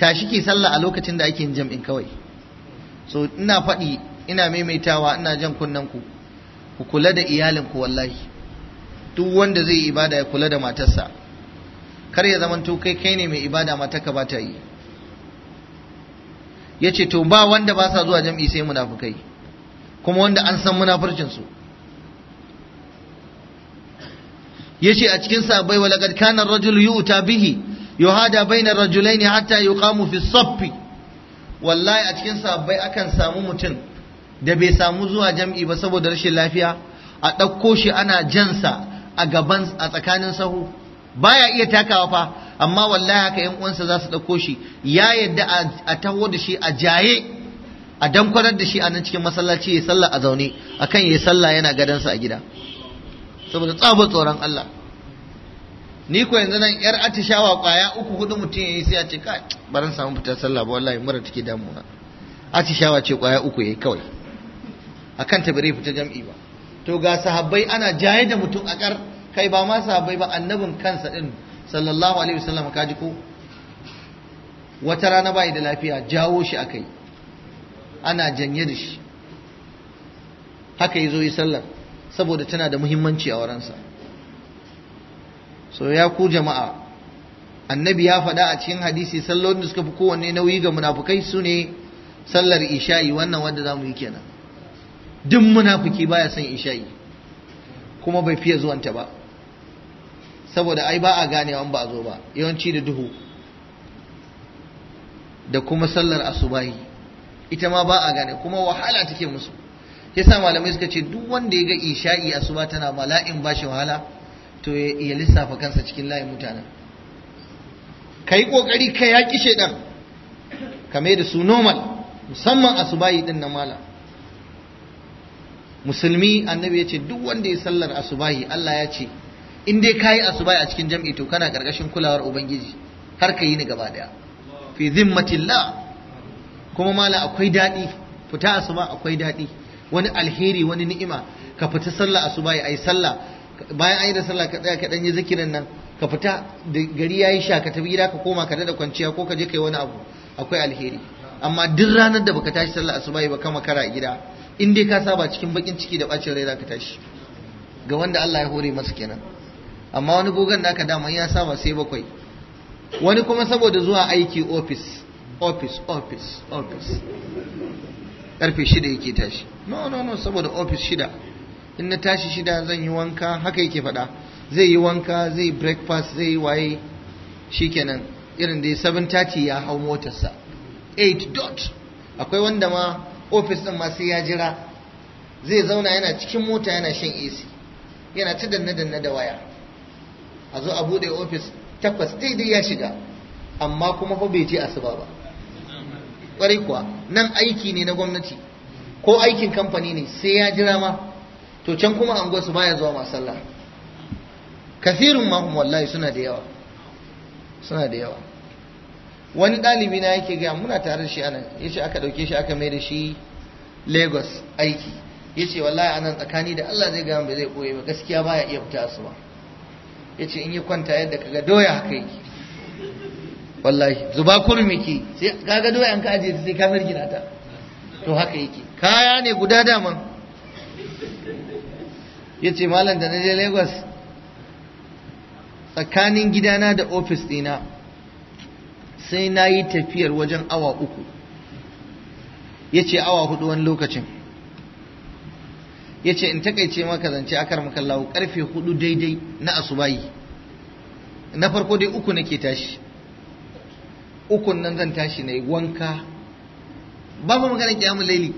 tashi ke sallah a lokacin da ake yin jam'in kawai so ina faɗi ina maimaitawa ina jan kunnen ku ku kula da iyalin ku wallahi duk wanda zai yi ibada ya kula da matarsa kar ya zamanto kai kai ne mai ibada mata ka ba ta yi ya to ba wanda ba sa zuwa jam'i sai munafukai kuma wanda an san su yace a cikin sahabbai kad kana ar-rajul yu'ta bihi yuhada bayna ar-rajulaini hatta yuqamu fi as wallahi a cikin sahabbai akan samu mutum da bai samu zuwa jam'i ba saboda rashin lafiya a ɗauko shi ana jansa a gaban a tsakanin sahu baya iya takawa fa amma wallahi haka yan uwansa za su ɗauko shi ya yadda a taho da shi a jaye a dankwarar da shi a nan cikin masallaci ya sallah a zaune akan ya sallah yana sa a gida saboda tsabar tsoron Allah ni ko yanzu nan yar atishawa kwaya uku hudu mutum yayi sai ya ce kai baran samu fitar sallah ba wallahi mura take damuwa, atishawa ce kwaya uku yayi kawai akan ta bare fita jam'i ba to ga sahabbai ana jaye da mutum a kar kai ba ma sahabbai ba annabin kansa din sallallahu alaihi wasallam ji ko wata rana bai da lafiya jawo shi akai ana janye da shi haka yazo yi sallar saboda tana da muhimmanci a wurinsa so ya ku jama'a annabi ya faɗa a cikin hadisi sallolin da suka fi kowanne nauyi ga munafukai su ne sallar isha'i wannan wanda za mu yi kenan duk munafuki baya son isha'i kuma bai fiye zuwanta ba saboda ai ba a gane wani ba a zo ba yawanci da duhu da kuma sallar asubahi ita ma ba a gane kuma wahala take musu yasa malamai suka ce duk wanda ya ga isha'i asuba tana mala'in bashi wahala to ya lissafa kansa cikin layin mutanen kai kokari ka shaidan ka mai da su normal musamman asubahi din na mala musulmi annabi ya ce duk wanda ya sallar asubahi Allah ya ce in dai kayi asubahi a cikin jam'i to kana karkashin kulawar ubangiji har ka yi ni gaba daya fi zimmatillah kuma mala akwai daɗi fita asuba akwai daɗi wani alheri wani ni'ima ka fita sallah a asuba ayi sallah bayan ayi da sallah ka tsaya ka dan yi zikirin nan ka fita da gari yayi sha ka tafi gida ka koma ka dada kwanciya ko ka je kai wani abu akwai alheri amma duk ranar da baka tashi sallah a bayi ba kama kara a gida in dai ka saba cikin bakin ciki da bacin rai zaka tashi ga wanda Allah ya hore masa kenan amma wani gogon naka dama ya saba sai bakwai wani kuma saboda zuwa aiki office office office office karfe shida yake tashi no no no saboda ofis shida in na tashi shida zan yi wanka haka yake faɗa zai yi wanka zai breakfast zai yi waye shikenan irin da ya 7:30 ya hau motarsa 8 dot akwai wanda ma ofis din ma sai ya jira zai zauna yana cikin mota yana shan AC yana ci danne danne da waya a zo a bude ofis takwas daidai ya shiga amma kuma fa bai je asuba ba kwarai kuwa nan aiki ne na gwamnati ko aikin kamfani ne sai ya jira ma to can kuma anguwa su baya zuwa masu sallah kafirun mahum wallahi suna da yawa suna da yawa wani ɗalibi na yake gaya muna tare da shi anan ya ce aka ɗauke shi aka mai da shi lagos aiki ya ce wallahi anan tsakani da allah zai gaya bai zai ɓoye ba gaskiya baya iya fita ba ya ce in yi kwanta yadda kaga doya haka yake wallahi zuba kurmi ki sai kaga doyan ka aje sai ka firgina ta to haka yake kaya ne guda daman yace Mallam da na je Lagos tsakanin gidana da ofis dina sai na yi tafiyar wajen awa uku yace awa hudu wani lokacin yace in takeice maka zance akar lawo karfe hudu daidai na asubayi na farko dai uku nake tashi ukun nan zan tashi na yi wanka babu maganar kyamun laili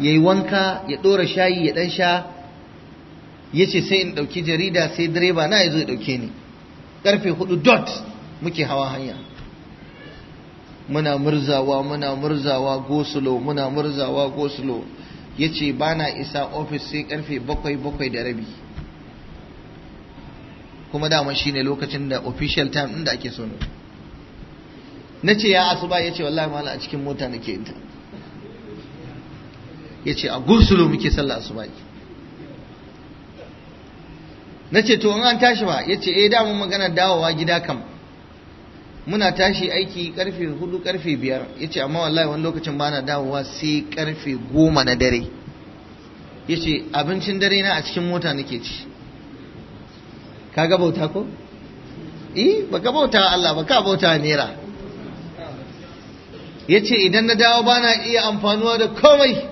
ya yi wanka ya ɗora shayi ya ɗan sha ya ce sai in ɗauki jarida sai direba na ya zo ya ɗauke ni ƙarfe hudu dot muke hawa hanya muna murzawa muna murzawa gosulo muna murzawa gosulo ya ce ba na isa ofis sai ƙarfe bakwai bakwai da rabi kuma dama shine lokacin da official time inda ake so na ce ya asuba ya ce wallahi mala a cikin mota nake ita? ya ce a gursulu muke sallah asuba na ce to in an tashi ba ya ce eh damun magana dawowa gida kam muna tashi aiki karfe hudu karfe biyar ya ce amma wallahi wani lokacin ba na dawowa sai karfe goma na dare ya ce abincin dare na a cikin mota nake ci ka ga bauta ko? eh baka bauta Allah baka bauta nera ya ce idan na dawo ba na iya amfanuwa da komai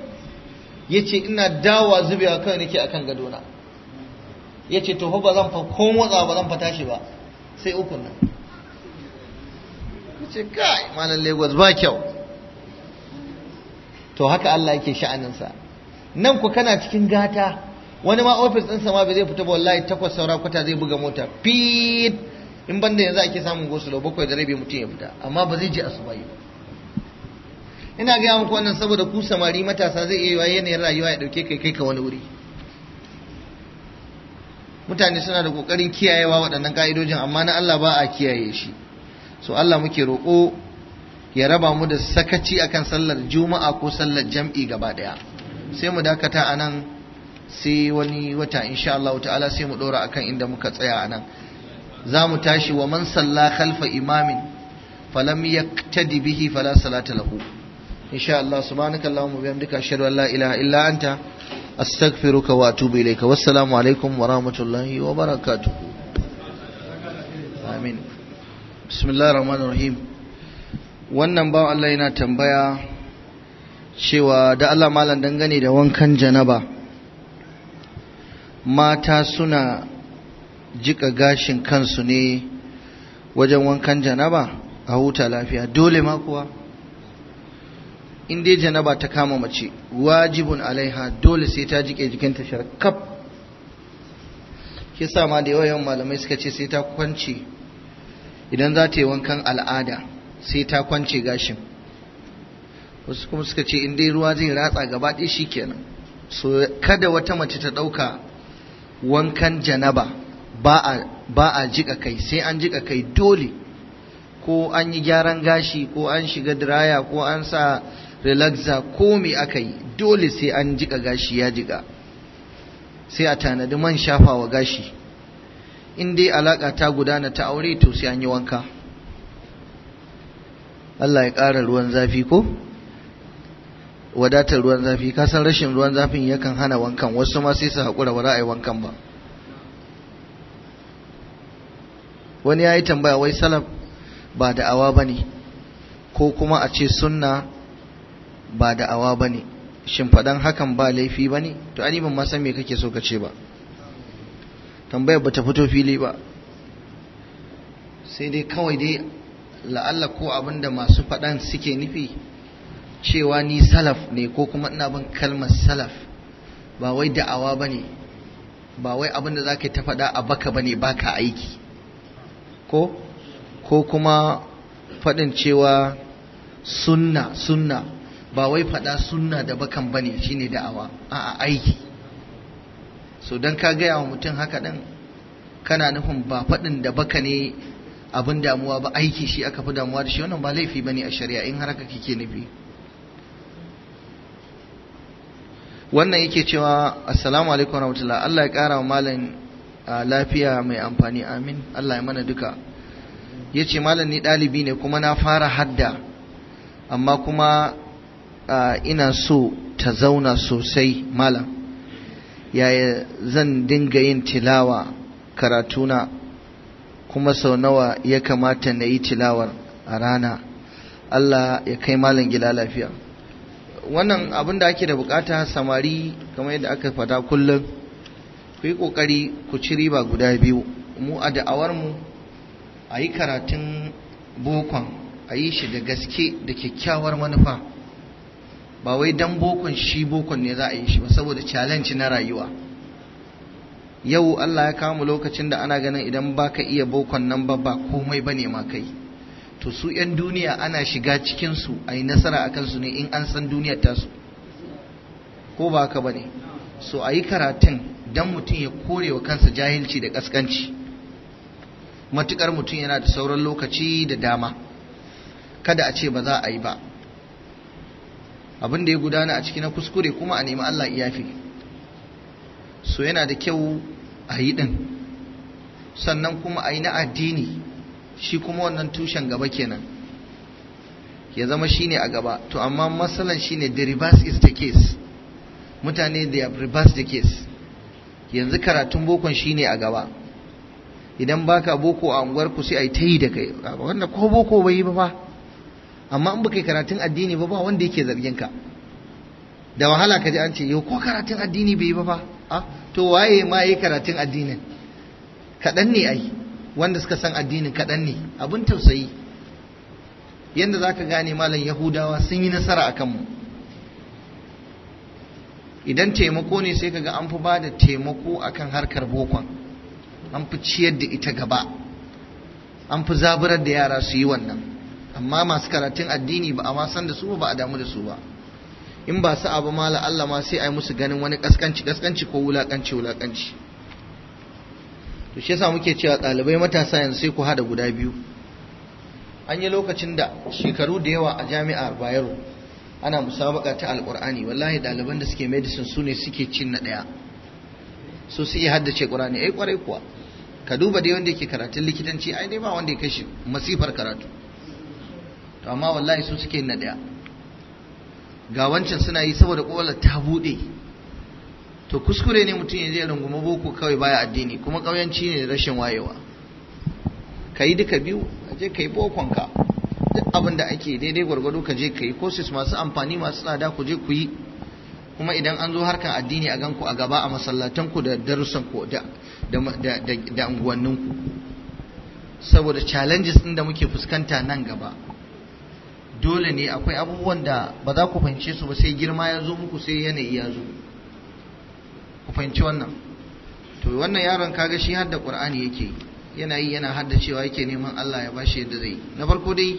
ya ce ina dawa zubewa kawai nake akan gadona ya ce toho ba zan fa ko motsa ba zan fa tashi ba sai ukun nan ya ce kai malam lagos ba kyau to haka allah yake sha'aninsa nan ku kana cikin gata wani ma ofis ɗinsa ma ba zai fita ba wallahi takwas saura kwata zai buga mota fit in banda yanzu ake samun gosulo bakwai da rabi mutum ya fita amma ba zai je asuba ba ina gaya muku wannan saboda ku samari matasa zai iya yanayin rayuwa ya dauke kai kai ka wani wuri mutane suna da kokarin kiyayewa waɗannan ka'idojin amma na Allah ba a kiyaye shi so Allah muke roƙo ya raba mu da sakaci akan sallar juma'a ko sallar jam'i gaba ɗaya sai mu dakata a nan sai wani wata insha Allah ta'ala sai mu ɗora akan inda muka tsaya a nan za mu tashi wa man salla khalfa imamin falam yaqtadi bihi fala salata lahu insha Allah subhanakallahumma bihamdika ashhadu an la ilaha illa anta astaghfiruka wa atubu ilayka wassalamu alaikum wa rahmatullahi wa barakatuh amin bismillahir rahmanir rahim wannan bawan Allah yana tambaya cewa da Allah malam dangane da wankan janaba mata suna jika gashin kansu ne wajen wankan janaba a huta lafiya dole ma kuwa in dai janaba ta kama mace wajibun alaiha dole sai ta jike jikinta sharkaf ke ma da yawan malamai suka ce sai ta kwance idan za ta yi wankan al'ada sai ta kwance gashin wasu kuma suka ce in dai ruwa zai ratsa gaba ɗaya shi kenan so kada wata mace ta ɗauka wankan janaba ba a jika kai sai an jika kai dole ko an yi gyaran gashi ko an shiga diraya ko an sa relaxer ko me aka yi dole sai an jika gashi ya jika sai a tanadi man shafawa gashi in dai alaka ta gudana ta aure to sai an yi wanka Allah ya ƙara ruwan zafi ko wadatar ruwan zafi kasan rashin ruwan zafin yakan hana wankan wasu ma sai su haƙura ba za a yi wankan ba wani ya yi tambaya wai salaf ba da'awa ba ne ko kuma a ce sunna ba da'awa ba ne hakan ba laifi ba ne to ani ban ma san me kake so ka ce ba tambayar ba ta fito fili ba sai dai kawai dai la'alla ko abinda masu faɗan suke nufi cewa ni salaf ne ko kuma ina bin kalmar salaf ba wai da'awa ba ne ba wai abin da za ka ta faɗa a baka ba ne ba ka aiki ko ko kuma faɗin cewa sunna sunna ba wai faɗa sunna da bakan bane shine da'awa a aiki so dan ka gaya wa mutum haka ɗin kana nufin ba faɗin da baka ne abin damuwa ba aiki shi aka fi damuwa da shi wannan ba laifi bane a shari'a in har haka kike nufi wannan yake cewa assalamu alaikum warahmatullahi Allah ya kara wa malam lafiya mai amfani amin Allah ya mana duka yace malam ni dalibi ne kuma na fara hadda amma kuma Ah, ina so ta zauna sosai malam yaya zan dinga yin tilawa karatuna kuma sau nawa ya kamata na yi tilawar a rana Allah ya kai malam gida lafiya wannan abin da ake da bukata samari kamar yadda aka fata kullum ku yi kokari ku ci riba guda biyu mu a da'awarmu a yi karatun bokon a yi shi da gaske da kyakkyawar manufa ba wai dan bokon shi bokon ne za a yi shi ba saboda challenge na rayuwa yau Allah ya kawo mu lokacin da ana ganin idan baka iya bokon nan ba ba komai bane ma kai to su yan duniya ana shiga cikin su ayi nasara akan su ne in an san duniya ta su ko ba haka bane so ayi karatun dan mutum ya kore wa kansa jahilci da kaskanci matukar mutum yana da sauran lokaci da dama kada a ce ba za a yi ba abin da ya gudana a ciki na kuskure kuma a nemi Allah iyafi so yana da kyau a yi din sannan kuma a yi na addini shi kuma wannan tushen gaba kenan ya zama shi ne a gaba to amma matsalan shi ne the reverse is the case mutane they have reverse the case yanzu karatun bokon shi ne a gaba idan baka boko a ku sai a yi ta yi da kai wanda ko boko bai yi ba ba amma in baka yi karatun addini ba ba wanda yake zargin ka da wahala ka ji an ce yau ko karatun addini bai yi ba fa to waye ma yi karatun addinin kaɗan ne ai wanda suka san addinin kaɗan ne abin tausayi yadda za ka gane malam yahudawa sun yi nasara a kanmu idan taimako ne sai ka ga an fi bada taimako akan harkar bokon an fi ciyar da ita gaba an fi zaburar da yara su yi wannan amma masu karatun addini ba a ma san da su ba a damu da su ba in ba su abu mala Allah ma sai a yi musu ganin wani kaskanci kaskanci ko wulakanci wulakanci to shi yasa muke cewa ɗalibai matasa yanzu sai ku hada guda biyu an yi lokacin da shekaru da yawa a jami'a bayero ana musabaka ta alkur'ani wallahi ɗaliban da suke medicine su ne suke cin na ɗaya so su iya haddace ƙur'ani ai eh kwarai kuwa ka duba dai wanda yake karatun likitanci ai dai ba wanda ya kai shi masifar karatu to amma wallahi su suke na daya ga wancan suna yi saboda kowalar ta buɗe. to kuskure ne mutum ya je runguma boko kawai baya addini kuma kauyanci ne rashin wayewa ka yi duka biyu a je ka yi bokonka duk abin da ake daidai gwargwado ka je ka yi kosis masu amfani masu tsada ku je ku yi kuma idan an zo harkar addini a ganku a gaba a masallatanku da darussanku da da unguwanninku saboda challenges ɗin da muke fuskanta nan gaba dole ne akwai abubuwan da ba za ku fahimce su ba sai girma ya zo muku sai yanayi ya zo ku fahimci wannan to wannan yaron kaga shi hadda qur'ani yake yana yi yana hadda cewa yake neman Allah ya bashi yadda zai na farko dai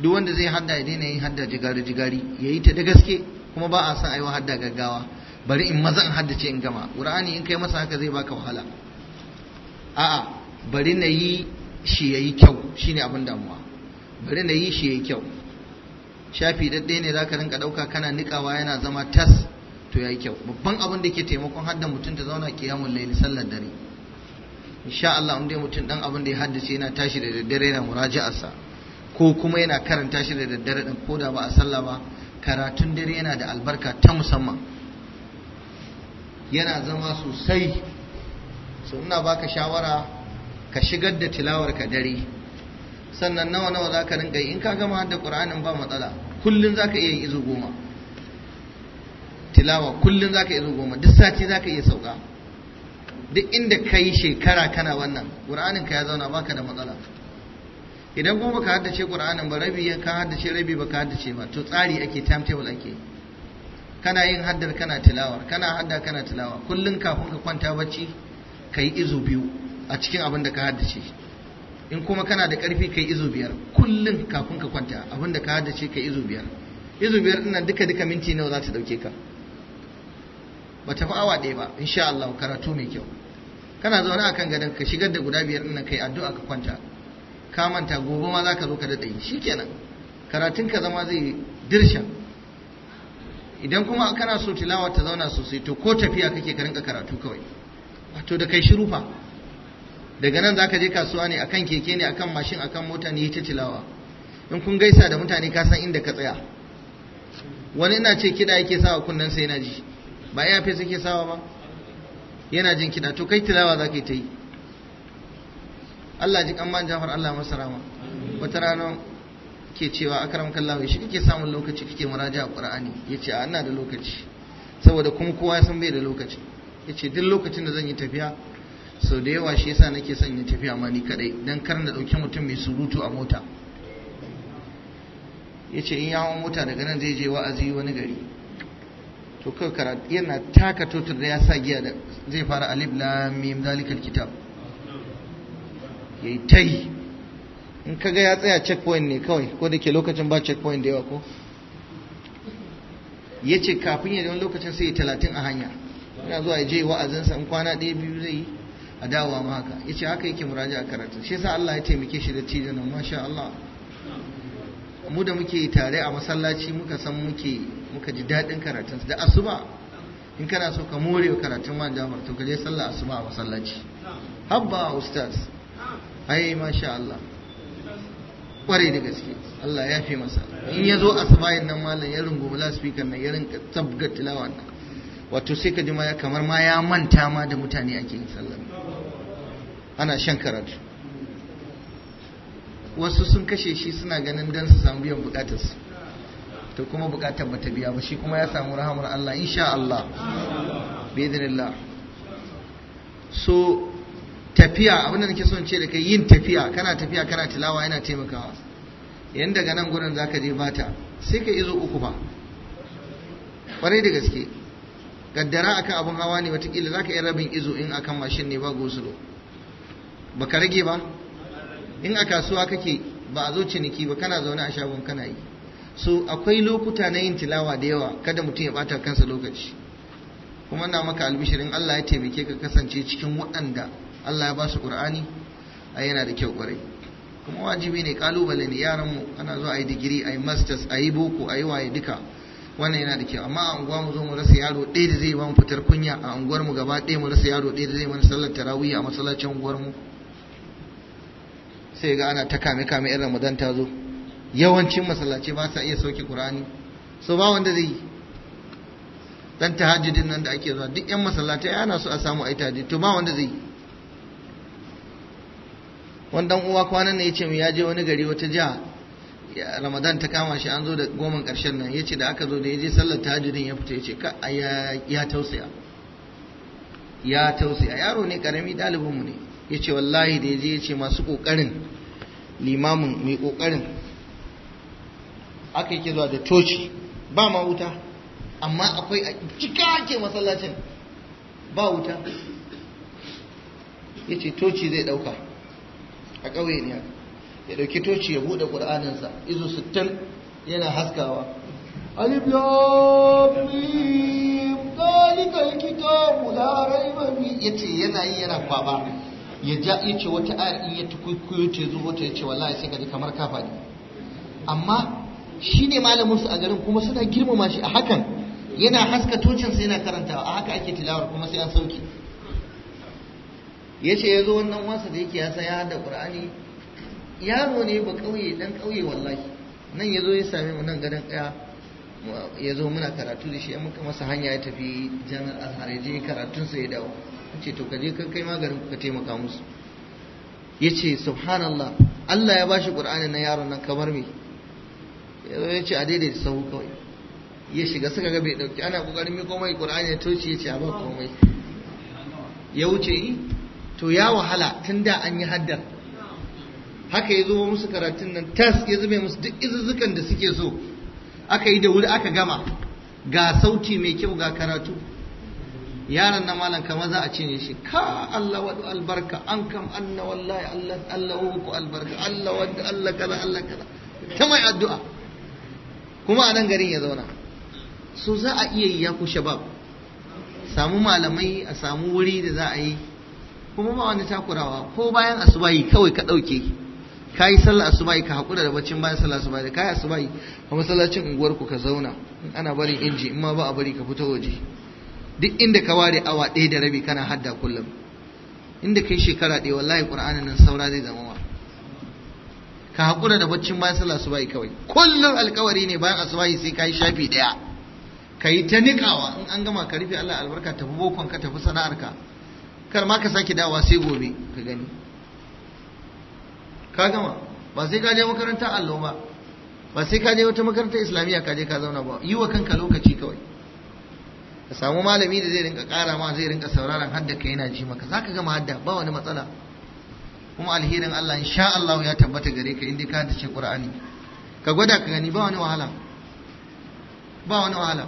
duk wanda zai hadda ya daina yin hadda jigari jigari yayi ta da gaske kuma ba a san ayi hadda gaggawa bari in maza in haddace in gama qur'ani in kai masa haka zai baka wahala a'a bari na yi shi yayi kyau shine abin damuwa bari na yi shi yayi kyau shafi daddai ne za ka rinka ɗauka kana nikawa yana zama tas to ya yi kyau babban abin da ke taimakon hadda mutum ta zauna kiyamul laili sallar dare insha Allah in mutum dan abin da ya haddace yana tashi da daddare yana muraja'arsa ko kuma yana karanta shi da daddare din ko da ba a sallah ba karatun dare yana da albarka ta musamman yana zama sosai so ina baka shawara ka shigar da tilawar ka dare sannan nawa nawa za ka rinka yi in ka gama da ƙur'anin ba matsala kullum za ka iya yi izu goma tilawa kullum za ka izu goma duk sati za ka iya sauka duk inda ka yi shekara kana wannan ƙur'anin ka ya zauna baka da matsala idan kuma baka haddace ƙur'anin ba rabi ya ka haddace rabi baka haddace ba to tsari ake timetable ake kana yin haddar kana tilawa. kana hadda kana tilawa kullum kafin ka kwanta bacci ka yi izu biyu a cikin abin da ka haddace in kuma kana da karfi kai izu biyar kullum kafin ka kwanta abinda ka ce kai izu biyar izu biyar ina duka duka minti nawa za ta dauke ka ba ta fi awa ɗaya ba insha Allah karatu mai kyau kana zaune akan gadon ka shigar da guda biyar ina kai addu'a ka kwanta ka manta gobe ma za ka zo ka daɗa yi shikenan karatun ka zama zai dirsha idan kuma kana so tilawa ta zauna sosai to ko tafiya kake ka rinka karatu kawai wato da kai shiru fa daga nan za ka je kasuwa ne akan keke ne akan mashin akan mota ne ta tilawa in kun gaisa da mutane ka san inda ka tsaya wani ina ce kiɗa yake sawa kunnan sai yana ji ba iya fesa ke sawa ba yana jin kida to kai tilawa za ka yi ta yi Allah ji man jafar Allah masa rama wata rana ke cewa akaram kallahu shi kike samun lokaci kike muraja a qur'ani yace a ina da lokaci saboda kuma kowa san bai da lokaci yace duk lokacin da zan yi tafiya sau da yawa shi yasa nake son yin tafiya ma ni kadai dan kar na dauki mutum mai surutu a mota yace in ya hawo mota daga nan zai je wa'azi wani gari to kai kara yana taka totur da ya sa giya da zai fara alif lam mim zalikal kitab yayi tai in kaga ya tsaya checkpoint ne kawai ko da ke lokacin ba checkpoint da yawa ko ya ce kafin ya wani lokacin sai ya talatin a hanya yana zuwa ya je wa'azinsa in kwana ɗaya biyu zai yi a dawowa ma haka ya ce haka yake muraja a karatu shi sa Allah ya taimake shi da tijo nan masha Allah mu da muke tare a masallaci muka san muke muka ji daɗin karatun da asuba in kana so ka more karatun man jamar to ka je sallah asuba a masallaci habba ustaz ai masha Allah kware da gaske Allah ya fi masa in ya zo asubahin nan malam ya rungumi wula nan ya rinka tabga tilawa wato sai ka ji ma kamar ma ya manta ma da mutane ake yin sallah ana shan karatu wasu sun kashe shi suna ganin don su samu biyan bukatarsu to kuma bukatar bata biya ba shi kuma ya samu rahamar Allah insha Allah bidinillah so tafiya abinda nake son ce da kai yin tafiya kana tafiya kana tilawa yana taimakawa yan daga nan gurin zaka je bata sai ka izo uku ba kwarai da gaske gaddara akan abin hawa ne watakila zaka yi rabin izo in akan mashin ne ba gosulo baka rage ba in a kasuwa kake ba a zo ciniki ba kana zaune a shagon kana yi so akwai lokuta na yin tilawa da yawa kada mutum ya bata kansa lokaci kuma na maka albishirin Allah ya taimake ka kasance cikin waɗanda Allah ya ba su ƙur'ani a yana da kyau kwarai kuma wajibi ne ƙalubale ne yaran mu ana zuwa ayi digiri ayi masters ayi boko ayi waye duka wannan yana da kyau amma a unguwa mu zo mu rasa yaro ɗaya da zai ba mu fitar kunya a unguwar mu gaba ɗaya mu rasa yaro ɗaya da zai mana sallar tarawih a masallacin unguwar mu sai ga ana ta kame kame in ramadan ta zo yawancin masallaci ba sa iya sauke qur'ani so ba wanda zai yi dan tahajjudin nan da ake zuwa duk yan ya ana so a samu ai tahajjud to ba wanda zai yi wanda uwa kwanan ne yace mu ya je wani gari wata jiha Ramadan ta kama shi an zo da goman karshen nan yace da aka zo da yaje sallar tahajjudin ya fita yace ka ya tausaya ya tausaya yaro ne karami dalibin mu ne ya ce wallahi da ya je ya ce masu ƙoƙarin limamin mai ƙoƙarin aka yake zuwa da toci ba ma wuta amma akwai a cika ake masallacin ba wuta ya ce toci zai ɗauka a ƙauye ne ya ɗauki toci ya buɗe ƙur'aninsa izu sittin yana haskawa alif lamim dalikal kitabu da raiba ya yace yana yi yana kwaba ya ja ya ce wata aya in ya tukuyo ce zuwa ta ya ce wallahi sai ka kamar kafa ne. amma shi ne malamin su a garin kuma suna girmama shi a hakan yana haska tocinsa yana karantawa a haka ake tilawar kuma sai an sauke ya ce ya zo wannan wasa da yake ya san ya hada ƙur'ani yaro ne ba ƙauye ɗan ƙauye wallahi nan ya zo ya same mu nan gadon ya zo muna karatu da shi ya muka masa hanya ya tafi jami'ar alhara ya je karatunsa ya dawo ce to kaje kan kai magarin ka taimaka musu ya ce subhanallah Allah ya bashi ƙur'ani na yaron nan kamar me ya ce a daidaita sahu kawai ya shiga suka ga bai dauki ana kokarin mai komai ƙur'ani ya toshe ya ce a ba komai ya wuce yi to ya wahala tun da an yi haddar haka ya zo musu karatun nan tas ya zube musu duk izuzzukan da suke so aka yi da wuri aka gama ga sauti mai kyau ga karatu yaron na malam kamar za a cinye shi ka Allah wadda albarka an kam anna wallahi Allah Allah uku albarka Allah wadda Allah kaza Allah kaza ta mai addu'a kuma a nan garin ya zauna so za a iya yi ya ku shabab samu malamai a samu wuri da za a yi kuma ma wani takurawa ko bayan asubahi kawai ka ɗauke ka yi sallah asubahi ka haƙura da baccin bayan sallah asubahi da ka yi asubahi a masallacin unguwarku ka zauna in ana barin inji in ma ba a bari ka fito waje duk inda ka ware awa ɗaya da rabi kana hadda kullum inda kai shekara ɗaya wallahi ƙur'ani nan saura zai zama wa ka haƙura da baccin bayan sallah bayi kawai kullum alƙawari ne bayan yi sai ka yi shafi ɗaya ka yi ta niƙawa in an gama ka rufe Allah albarka tafi bokon ka tafi sana'arka kar ma ka sake dawa sai gobe ka gani ka gama ba sai ka je makarantar allo ba ba sai ka je wata makarantar islamiyya ka je ka zauna ba yi wa kanka lokaci kawai ka samu malami da zai rinka ƙara ma zai rinka sauraron hadda ka yana ji maka zaka gama hadda ba wani matsala kuma alherin Allah insha Allah ya tabbata gare ka inda ka tace Qur'ani ka gwada ka gani ba wani wahala ba wani wahala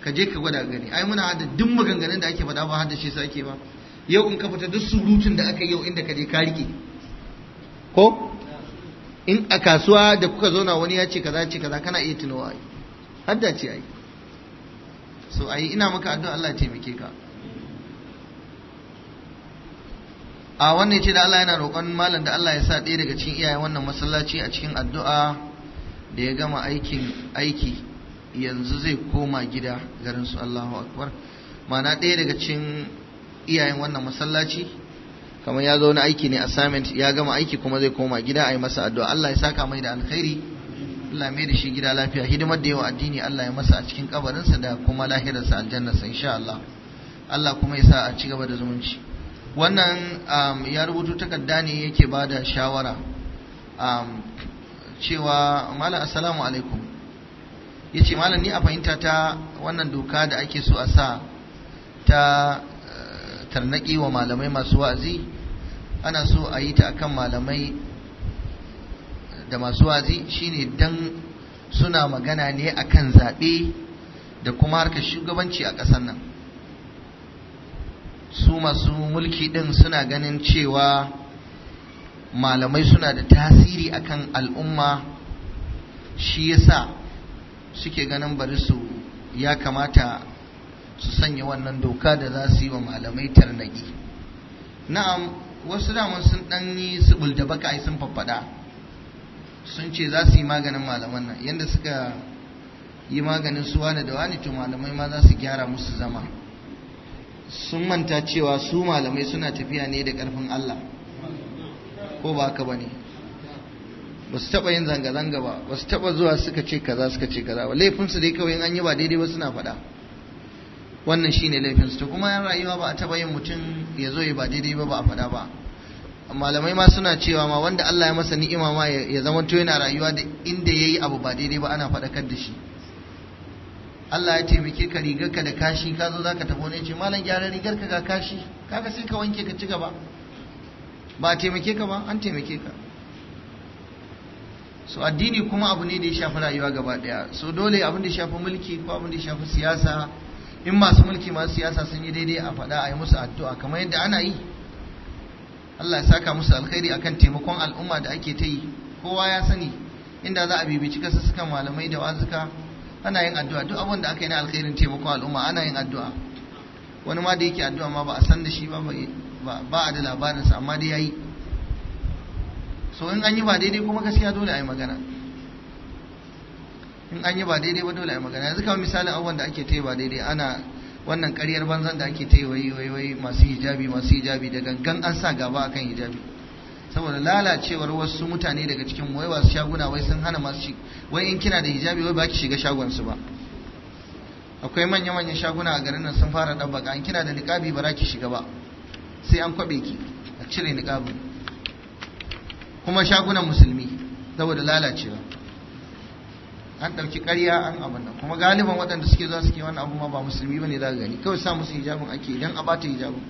ka je ka gwada gani ai muna hada duk maganganun da ake faɗa ba hadda shi ake ba yau in ka fita duk surutun da aka yi yau inda ka je ka rike ko in a kasuwa da kuka zauna wani ya ce kaza ce kaza kana iya tunawa hadda ce ai so ayi ina maka addu'a Allah ya taimake ka a wannan ce da Allah yana roƙon malam da Allah ya sa ɗaya daga cikin iyayen wannan masallaci a cikin addu'a da ya gama aikin aiki yanzu zai koma gida garin su Allahu akbar ma'ana ɗaya daga cikin iyayen wannan masallaci kamar ya zo wani aiki ne assignment ya gama aiki kuma zai koma gida a yi masa addu'a Allah ya saka mai da alkhairi Allah mai da shi gida lafiya hidimar da yawa addini Allah ya masa a cikin kabarinsa da kuma lahirarsa aljannarsa insha Allah Allah kuma ya sa a ci gaba da zumunci wannan um, ya rubutu takarda ne yake ba da shawara um, cewa malam assalamu alaikum ya ce malam ni a fahimta ta wannan doka da ake so a sa ta eh, tarnaki wa malamai masu wa'azi ana so a yi ta akan malamai da masu wazi shine dan suna magana ne akan zaɓe da kuma harkar shugabanci a ƙasar nan su masu mulki ɗin suna ganin cewa malamai suna da tasiri akan al'umma shi yasa suke ganin bari su ya kamata su sanya wannan doka da za su yi wa malamai tarnaki na'am wasu daman sun ɗan yi subul da baka sun faffada sun ce za su yi maganin malaman nan yadda suka yi maganin su wani da wani to malamai ma za su gyara musu zama sun manta cewa su malamai suna tafiya ne da ƙarfin Allah ko ba haka ba ne ba su taɓa yin zanga-zanga ba ba su taɓa zuwa suka ce kaza suka ce kaza ba laifinsu dai kawai an yi ba daidai ba suna faɗa wannan shine laifinsu to kuma yan rayuwa ba a taɓa yin mutum ya zo ya ba daidai ba ba a faɗa ba malamai ma suna cewa ma wanda Allah ya masa ni'ima ma ya zama to yana rayuwa da inda yayi abu ba daidai ba ana faɗakar da shi Allah ya taimake ka rigar ka da kashi ka zo zaka tafi wani ce malam gyara ka ga kashi kaga sai ka wanke ka ci gaba ba taimake ka ba an taimake ka so addini kuma abu ne da ya shafi rayuwa gaba daya so dole abin da ya shafi mulki ko abin da ya shafi siyasa in masu mulki masu siyasa sun yi daidai a faɗa a yi musu addu'a kamar yadda ana yi Allah ya saka musu alkhairi akan taimakon al'umma da ake ta yi kowa ya sani inda za a bibici kasussukan malamai da wazuka ana yin addu'a duk abin da aka yi na alkhairin taimakon al'umma ana yin addu'a wani ma da yake addu'a ma ba a san da shi ba ba a da labarinsa amma dai yayi so in an yi ba daidai kuma gaskiya dole a yi magana in an yi ba daidai ba dole a yi magana yanzu kamar misalin abubuwan da ake ta yi ba daidai ana wannan ƙaryar banzan da ake ta yi wai wai masu hijabi masu hijabi da gangan an sa gaba akan hijabi saboda lalacewar wasu mutane daga cikin wai wasu shaguna wai sun hana masu wai in kina da hijabi wai ba ki shiga shagon su ba akwai manya-manyan shaguna a garin nan sun fara ɗabbaka an kina da niƙabi ba za ki shiga ba sai an kwaɓe ki a cire niƙabin kuma shagunan musulmi saboda lalacewa an ɗauki ƙarya an abin nan kuma galiban waɗanda suke zuwa suke wani abu ma ba musulmi ba ne za ka gani kawai sa musu hijabin ake idan a bata hijabin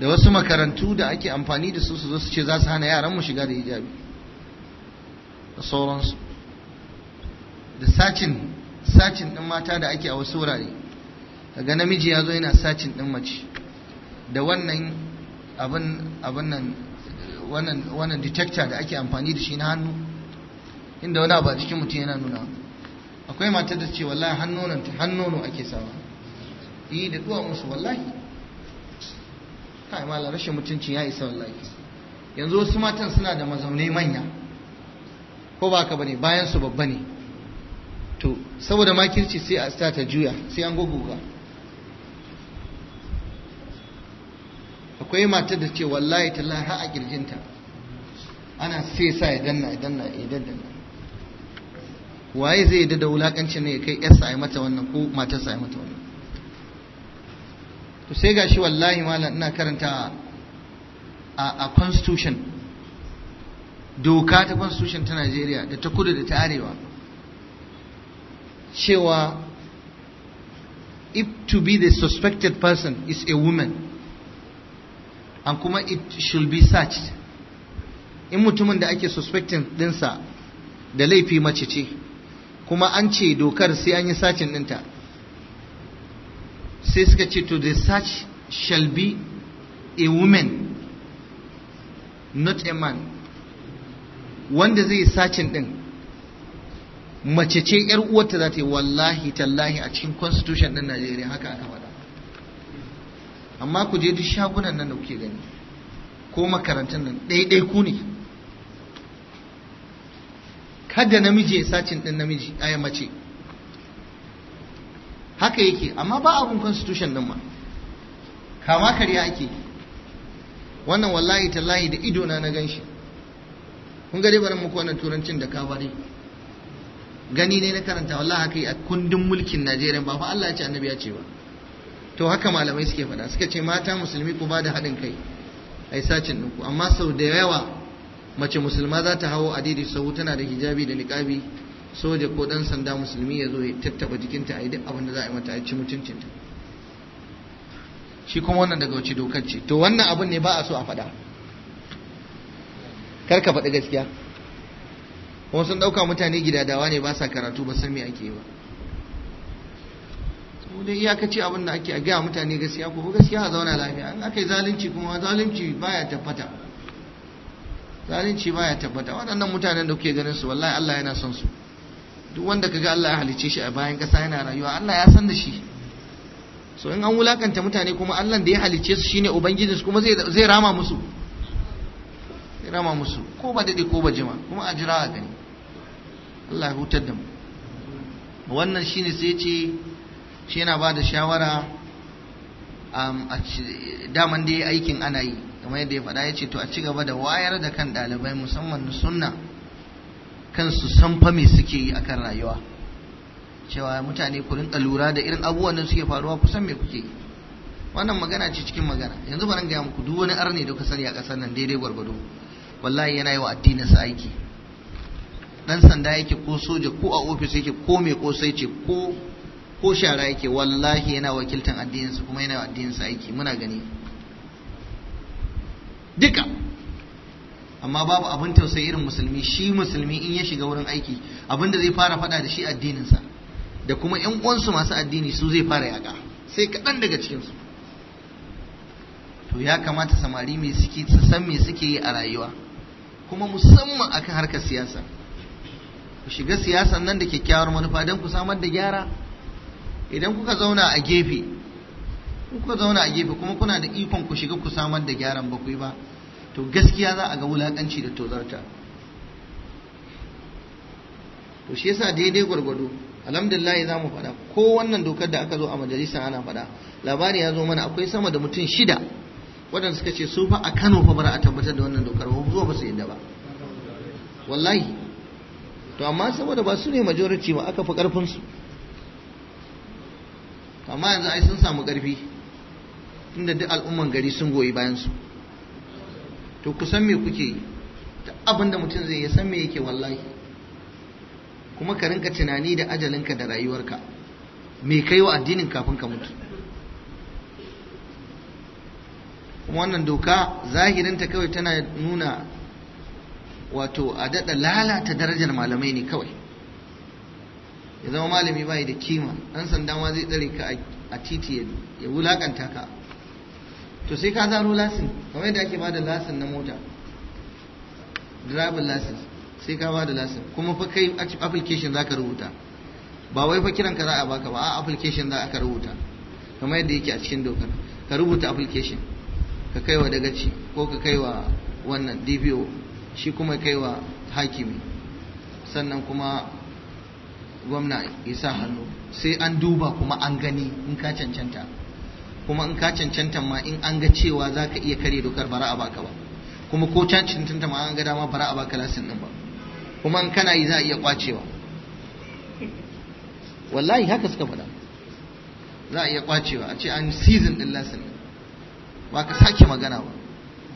da wasu makarantu da ake amfani da su su zo su ce za su hana yaran mu shiga da hijabi da sauransu da sacin sacin ɗin mata da ake a wasu wurare daga namiji ya zo yana sacin ɗin mace da wannan abin abin nan wannan wannan detector da ake amfani da shi na hannu inda wani abu a jikin mutum yana nuna akwai matar da ce wallahi hannunan ta hannono ake sawa yi da duwa musu wallahi kai mala rashin mutunci ya isa wallahi yanzu wasu matan suna da mazaunai manya ko ba ka bane bayan su babba ne to saboda makirci sai a sa ta juya sai an gogoga akwai matar da ce wallahi tallahi har a kirjinta ana sai sa ya danna ya danna ya danna waye zai yi da wulakancin ne ya kai yarsa a mata wannan ko matarsa a mata wannan to sai gashi wallahi malam ina karanta a constitution doka ta constitution ta Najeriya da ta kudu da ta arewa cewa if to be the suspected person is a woman and kuma it should be searched in mutumin da ake suspecting dinsa da laifi mace ce kuma an ce dokar sai an yi sacin ɗinta sai suka ce to the search shall be a woman not a man wanda zai sacin ɗin mace ce yar uwarta za ta yi wallahi tallahi a cikin constitution ɗin najeriya haka aka faɗa amma ku je duk shagunan nan da kuke gani ko makarantun nan ɗaiɗai ku ne kada namiji ya sacin din namiji a mace haka yake amma ba abun constitution din ma kama karya ake wannan wallahi tallahi da ido na na ganshi kun ga barin muku wannan turancin da kabari gani ne na karanta wallahi haka yi a kundin mulkin Najeriya ba fa Allah ya ce annabi ya ce ba to haka malamai suke faɗa suka ce mata musulmi ku ba da haɗin kai ai sacin ɗinku amma sau da yawa mace musulma za ta hawo adidi sau tana da hijabi da niqabi soja ko ɗan sanda musulmi ya zo ya tattaba jikinta a yi duk abin da za a yi mata a ci mutuncinta shi kuma wannan daga wace dokar ce to wannan abin ne ba a so a faɗa kar ka faɗi gaskiya kuma sun ɗauka mutane gidadawa ne ba sa karatu ba san me ake yi ba saboda iyakaci abin da ake a gaya mutane gaskiya ko gaskiya a zauna lafiya in aka yi zalunci kuma zalunci baya tabbata zalunci baya tabbata waɗannan mutanen da kuke ganin su wallahi Allah yana son su duk wanda kaga Allah ya halice shi a bayan ƙasa yana rayuwa Allah ya san da shi so in an wulakanta mutane kuma Allah da ya halice su shine ubangijinsu kuma zai rama musu zai rama musu ko ba dade ko ba jima kuma a jira a gani Allah ya hutar da mu wannan shine sai ce shi yana ba da shawara um, a daman da ya aikin ana yi kamar yadda ya faɗa ya ce to a ci gaba da wayar da kan ɗalibai musamman na sunna kan su san fa me suke yi akan rayuwa cewa mutane ku rinka lura da irin abubuwan da suke faruwa kusan me kuke yi wannan magana ce cikin magana yanzu bari gaya muku duk wani arne da ka sani a ƙasar nan daidai gwargwado wallahi yana yi wa addinin sa aiki dan sanda yake ko soja ko a ofis yake ko mai kosai ce ko ko shara yake wallahi yana wakiltan addinin kuma yana addinin sa aiki muna gani duka amma babu abin tausayi irin musulmi shi musulmi in ya shiga wurin aiki abin da zai fara faɗa da shi addininsa da kuma yan uwansu masu addini su zai fara yaƙa sai kaɗan daga cikinsu to ya kamata samari me suke su san me suke yi a rayuwa kuma musamman akan harkar siyasa ku shiga siyasan nan da kyakkyawar manufa don ku samar da gyara idan kuka zauna a gefe in kuka zauna a gefe kuma kuna da ikon ku shiga ku samar da gyaran ba ba to gaskiya za a ga wulakanci da tozarta to shi yasa daidai gwargwado alhamdulillah za mu faɗa ko wannan dokar da aka zo a majalisa ana faɗa labari ya zo mana akwai sama da mutum shida waɗanda suka ce su fa a Kano fa bara a tabbatar da wannan dokar ba zuwa ba su yadda ba wallahi to amma saboda ba su ne majority ba aka fi karfin su amma yanzu ai sun samu karfi tunda duk al'umman gari sun goyi bayan su to ku san me kuke yi abin mutum zai ya san me yake wallahi kuma ka rinka tunani da ajalinka da rayuwarka me kai wa addinin kafin ka mutu kuma wannan doka zahirinta kawai tana nuna wato a daɗa lalata darajar malamai ne kawai ya zama malami bai da kima ɗan sanda ma zai tsare ka a titi ya wulakanta ka to sai ka zaro lasin kamar yadda ake bada lasin na mota driving lasin sai ka bada lasin kuma fa kai application za ka rubuta ba wai fa kiran ka za a baka ba a application za ka rubuta kamar yadda yake a cikin dokar ka rubuta application ka kai wa ci, ko ka kai wa wannan DPO shi kuma kai wa hakimi sannan kuma gwamna ya sa hannu sai an duba kuma an gani in ka cancanta kuma in ka cancanta ma in an ga cewa za ka iya kare dokar bara a baka ba kuma ko ta cancanta ma an ga dama bara a baka lasin din ba kuma in kana yi za a iya kwacewa wallahi haka suka faɗa za a iya kwacewa a ce an season din lasin din ba ka sake magana ba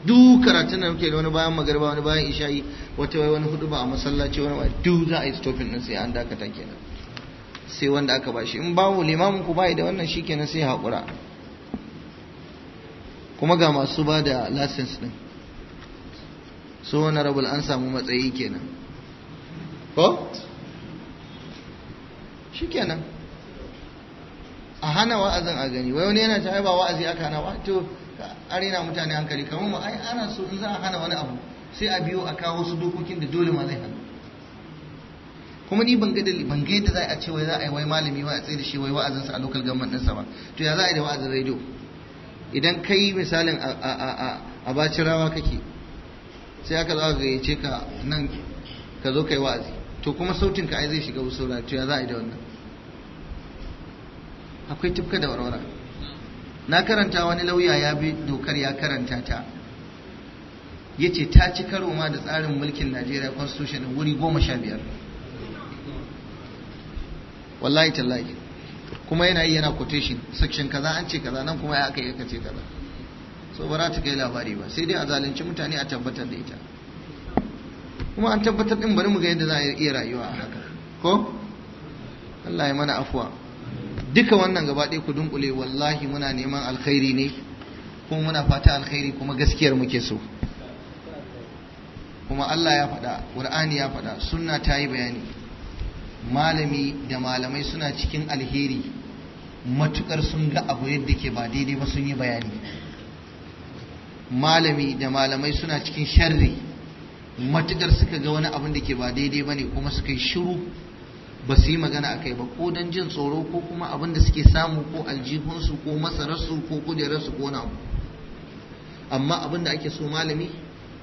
duk karatun da muke da wani bayan magariba wani bayan isha'i wata wai wani hudu ba a masallaci wani wai duk za a yi stopin din sai an dakata kenan sai wanda aka bashi in bawo limamin ku bai da wannan shikenan sai haƙura kuma ga masu ba da license din so honorable an samu matsayi kenan ko shi kenan a hana wa'azin a gani wai wani yana ta ba wa'azi aka hana wa to arena mutane hankali kamar mu ai ana so in za a hana wani abu sai a biyo a kawo su dokokin da dole ma zai hana kuma ni ban ga ban ga yadda za a ce wai za a yi wai malami wai a tsaye da shi wai wa'azinsa a local government ɗinsa ba to ya za a yi da wa'azin radio idan kai misalin a bacin rawa kake sai aka zo ga gayyace ka nan ka zo kai wa'azi to kuma sautin ka ai zai shiga wasu to ya za a yi da wannan akwai tufka da warwara na karanta wani lauya ya bi dokar ya karanta ta ya ce ta ci karo ma da tsarin mulkin najeriya constitution wuri goma sha biyar wallahi tallahi kuma yana yi yana quotation section kaza an ce kaza nan kuma ya aka yi aka ce kaza so ba za ta kai labari ba sai dai a zalunci mutane a tabbatar da ita kuma an tabbatar din bari mu ga yadda za a iya rayuwa a haka ko Allah ya mana afuwa duka wannan gaba ɗaya ku dunkule wallahi muna neman alkhairi ne kuma muna fata alkhairi kuma gaskiyar muke so kuma Allah ya faɗa Qur'ani ya faɗa sunna ta yi bayani malami da malamai suna cikin alheri matukar sun ga abu yadda ke ba daidai ba sun yi bayani malami da malamai suna cikin sharri matukar suka ga wani abin da ke ba daidai ba ne kuma suka yi shiru ba su yi magana a kai ba ko don jin tsoro ko kuma abin da suke samu ko aljihunsu ko masararsu ko kudirarsu ko na amma abin da ake so malami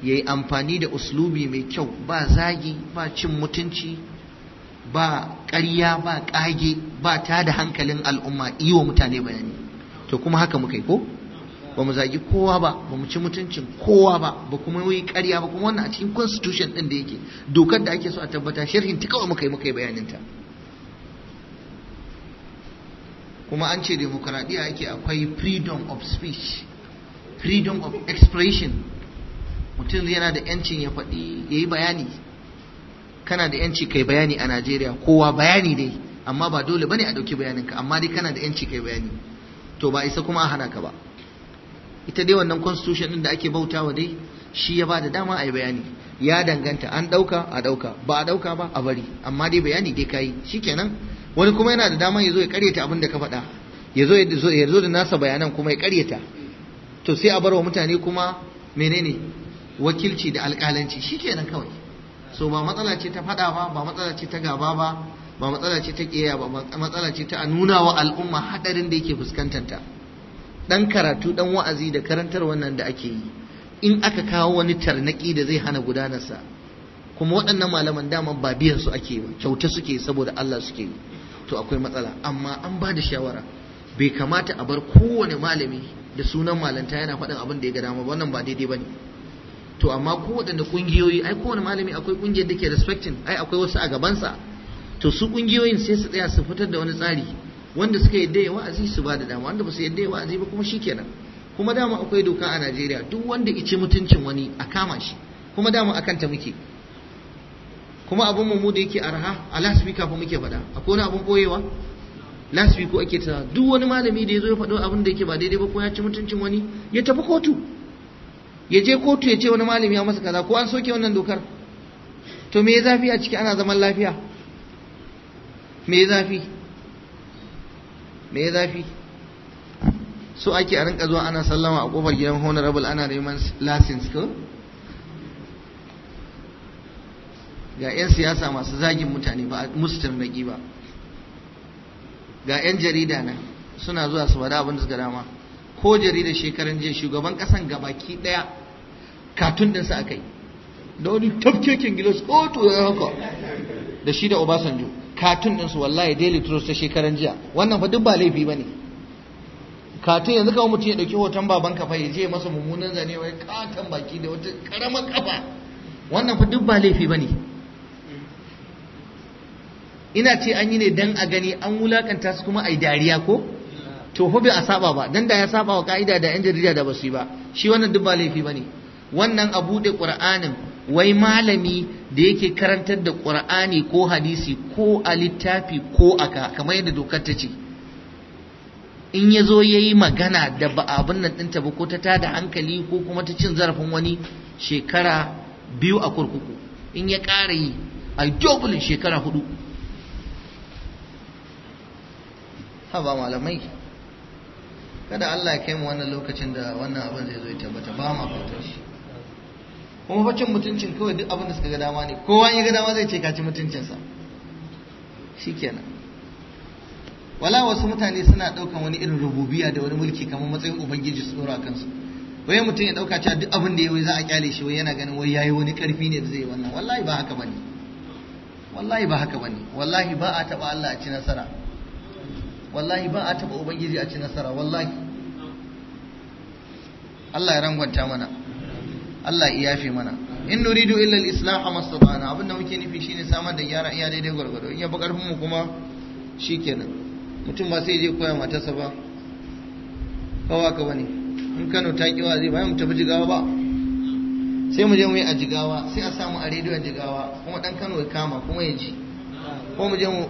ya yi amfani da uslubi mai kyau ba zagi ba cin mutunci ba ƙarya ba ƙage ba ta da hankalin al'umma yi wa mutane bayani to kuma haka muka yi ko ba mu zagi kowa ba ba mu ci mutuncin kowa ba ba kuma yi ƙarya ba kuma wannan a cikin constitution ɗin da yake dokar da ake so a tabbata sharhin ta kawai muka yi muka yi bayaninta kuma an ce demokuraɗiyya ake akwai freedom of speech freedom of expression mutum yana da 'yancin ya faɗi ya yi bayani kana da yanci kai bayani a Najeriya kowa bayani dai amma ba dole bane a dauki bayaninka amma dai kana da yanci kai bayani to ba isa kuma a hana ka ba ita dai wannan constitution din da ake wa dai shi ya bada dama a yi bayani ya danganta an ɗauka a dauka ba a dauka ba a bari amma dai bayani dai kai shikenan wani kuma yana da dama ya zo ya karyata abin da ka faɗa ya zo ya da nasa bayanan kuma ya karyata to sai a bar wa mutane kuma menene wakilci da alƙalanci shikenan kawai so ba matsala ce ta faɗa ba ba matsala ce ta gaba ba ba matsala ce ta kiyaya ba matsala ce ta a nuna wa al'umma haɗarin da yake fuskantanta Dan karatu dan wa'azi da karantar wannan da ake yi in aka kawo wani tarnaki da zai hana gudanarsa kuma waɗannan malaman dama ba biyan su ake ba kyauta suke saboda Allah suke yi to akwai matsala amma an ba da shawara bai kamata a bar kowane malami da sunan malanta yana faɗin abin da ya ga dama wannan ba daidai ba ne to amma ko waɗanda ƙungiyoyi ai kowane malami akwai ƙungiyar da ke respecting ai akwai wasu a gabansa to su ƙungiyoyin sai su tsaya su fitar da wani tsari wanda suka yadda ya wa'azi su ba da dama wanda ba su yadda ya wa'azi ba kuma shi kenan kuma dama akwai doka a Najeriya duk wanda ice mutuncin wani a kama shi kuma dama akan ta muke kuma abun mu da yake arha a week kafin muke faɗa akwai wani abun week ko ake ta duk wani malami da ya zo ya faɗo abin da yake ba daidai ba ko ya ci mutuncin wani ya tafi kotu ya je kotu ya ce wani malami ya masa kaza ko an soke wannan dokar to me zafi a ciki ana zaman lafiya me zafi me zafi so ake a rinka zuwa ana sallama a kofar gidan honorable ana neman license ko ga 'yan siyasa masu zagin mutane ba musu tarnaki ba ga 'yan jarida na suna zuwa su faɗa abin da suka dama ko jaridar shekaran jiya shugaban kasan gabaki daya katun dinsa aka yi da wani tafkekin gilas oh, to ya haka da shi da obasanjo katun dinsu wallahi daily trust ta shekaran jiya wannan fa duk ba laifi bane katun yanzu kawai mutum ya dauki hoton baban kafa ya je masa mummunan zane wai katon baki da wata karamar kafa wannan fa duk ba laifi bane ina ce an yi ne dan a gani an wulakanta su kuma ai dariya ko to fa bai a saba ba dan da ya saba wa ka'ida da yan jarida da basu yi ba shi wannan duk ba laifi bane wannan a buɗe qur'anin wai malami da yake karantar da qur'ani ko hadisi ko a littafi ko aka kamar yadda dokar ta ce in ya zo ya yi magana da ba abin nan ɗinta ba ko ta tada hankali ko kuma ta cin zarafin wani shekara biyu a kurkuku in ya ƙara yi a dubulin shekara hudu haba malamai kada Allah ya kai mu wannan lokacin da wannan abin zai zo ya tabbata ba mu fatan shi kuma bacin mutuncin kawai duk abin da suka ga dama ne kowa ya ga dama zai ce kaci mutuncinsa shikenan wala wasu mutane suna ɗaukan wani irin rububiya da wani mulki kamar matsayin ubangiji su dora kansu wai mutum ya ɗauka cewa duk abin da ya za a kyale shi wai yana ganin wai yayi wani karfi ne da zai yi wannan wallahi ba haka bane wallahi ba haka bane wallahi ba a taɓa Allah a ci nasara wallahi ba a taba ubangiji a ci nasara wallahi Allah ya rangwanta mana Allah ya yafe mana in nuridu illa al-islah mastata'na abinda muke nufi shine samar da gyara iya daidai gwargwado in ya ba karfin mu kuma shikenan mutum ba sai je koya matarsa ba kawa ka bane in Kano ta kiwa zai bayan mu tafi jigawa ba sai mu je mu yi a jigawa sai a samu a a jigawa kuma dan Kano ya kama kuma ya ji ko mu je mu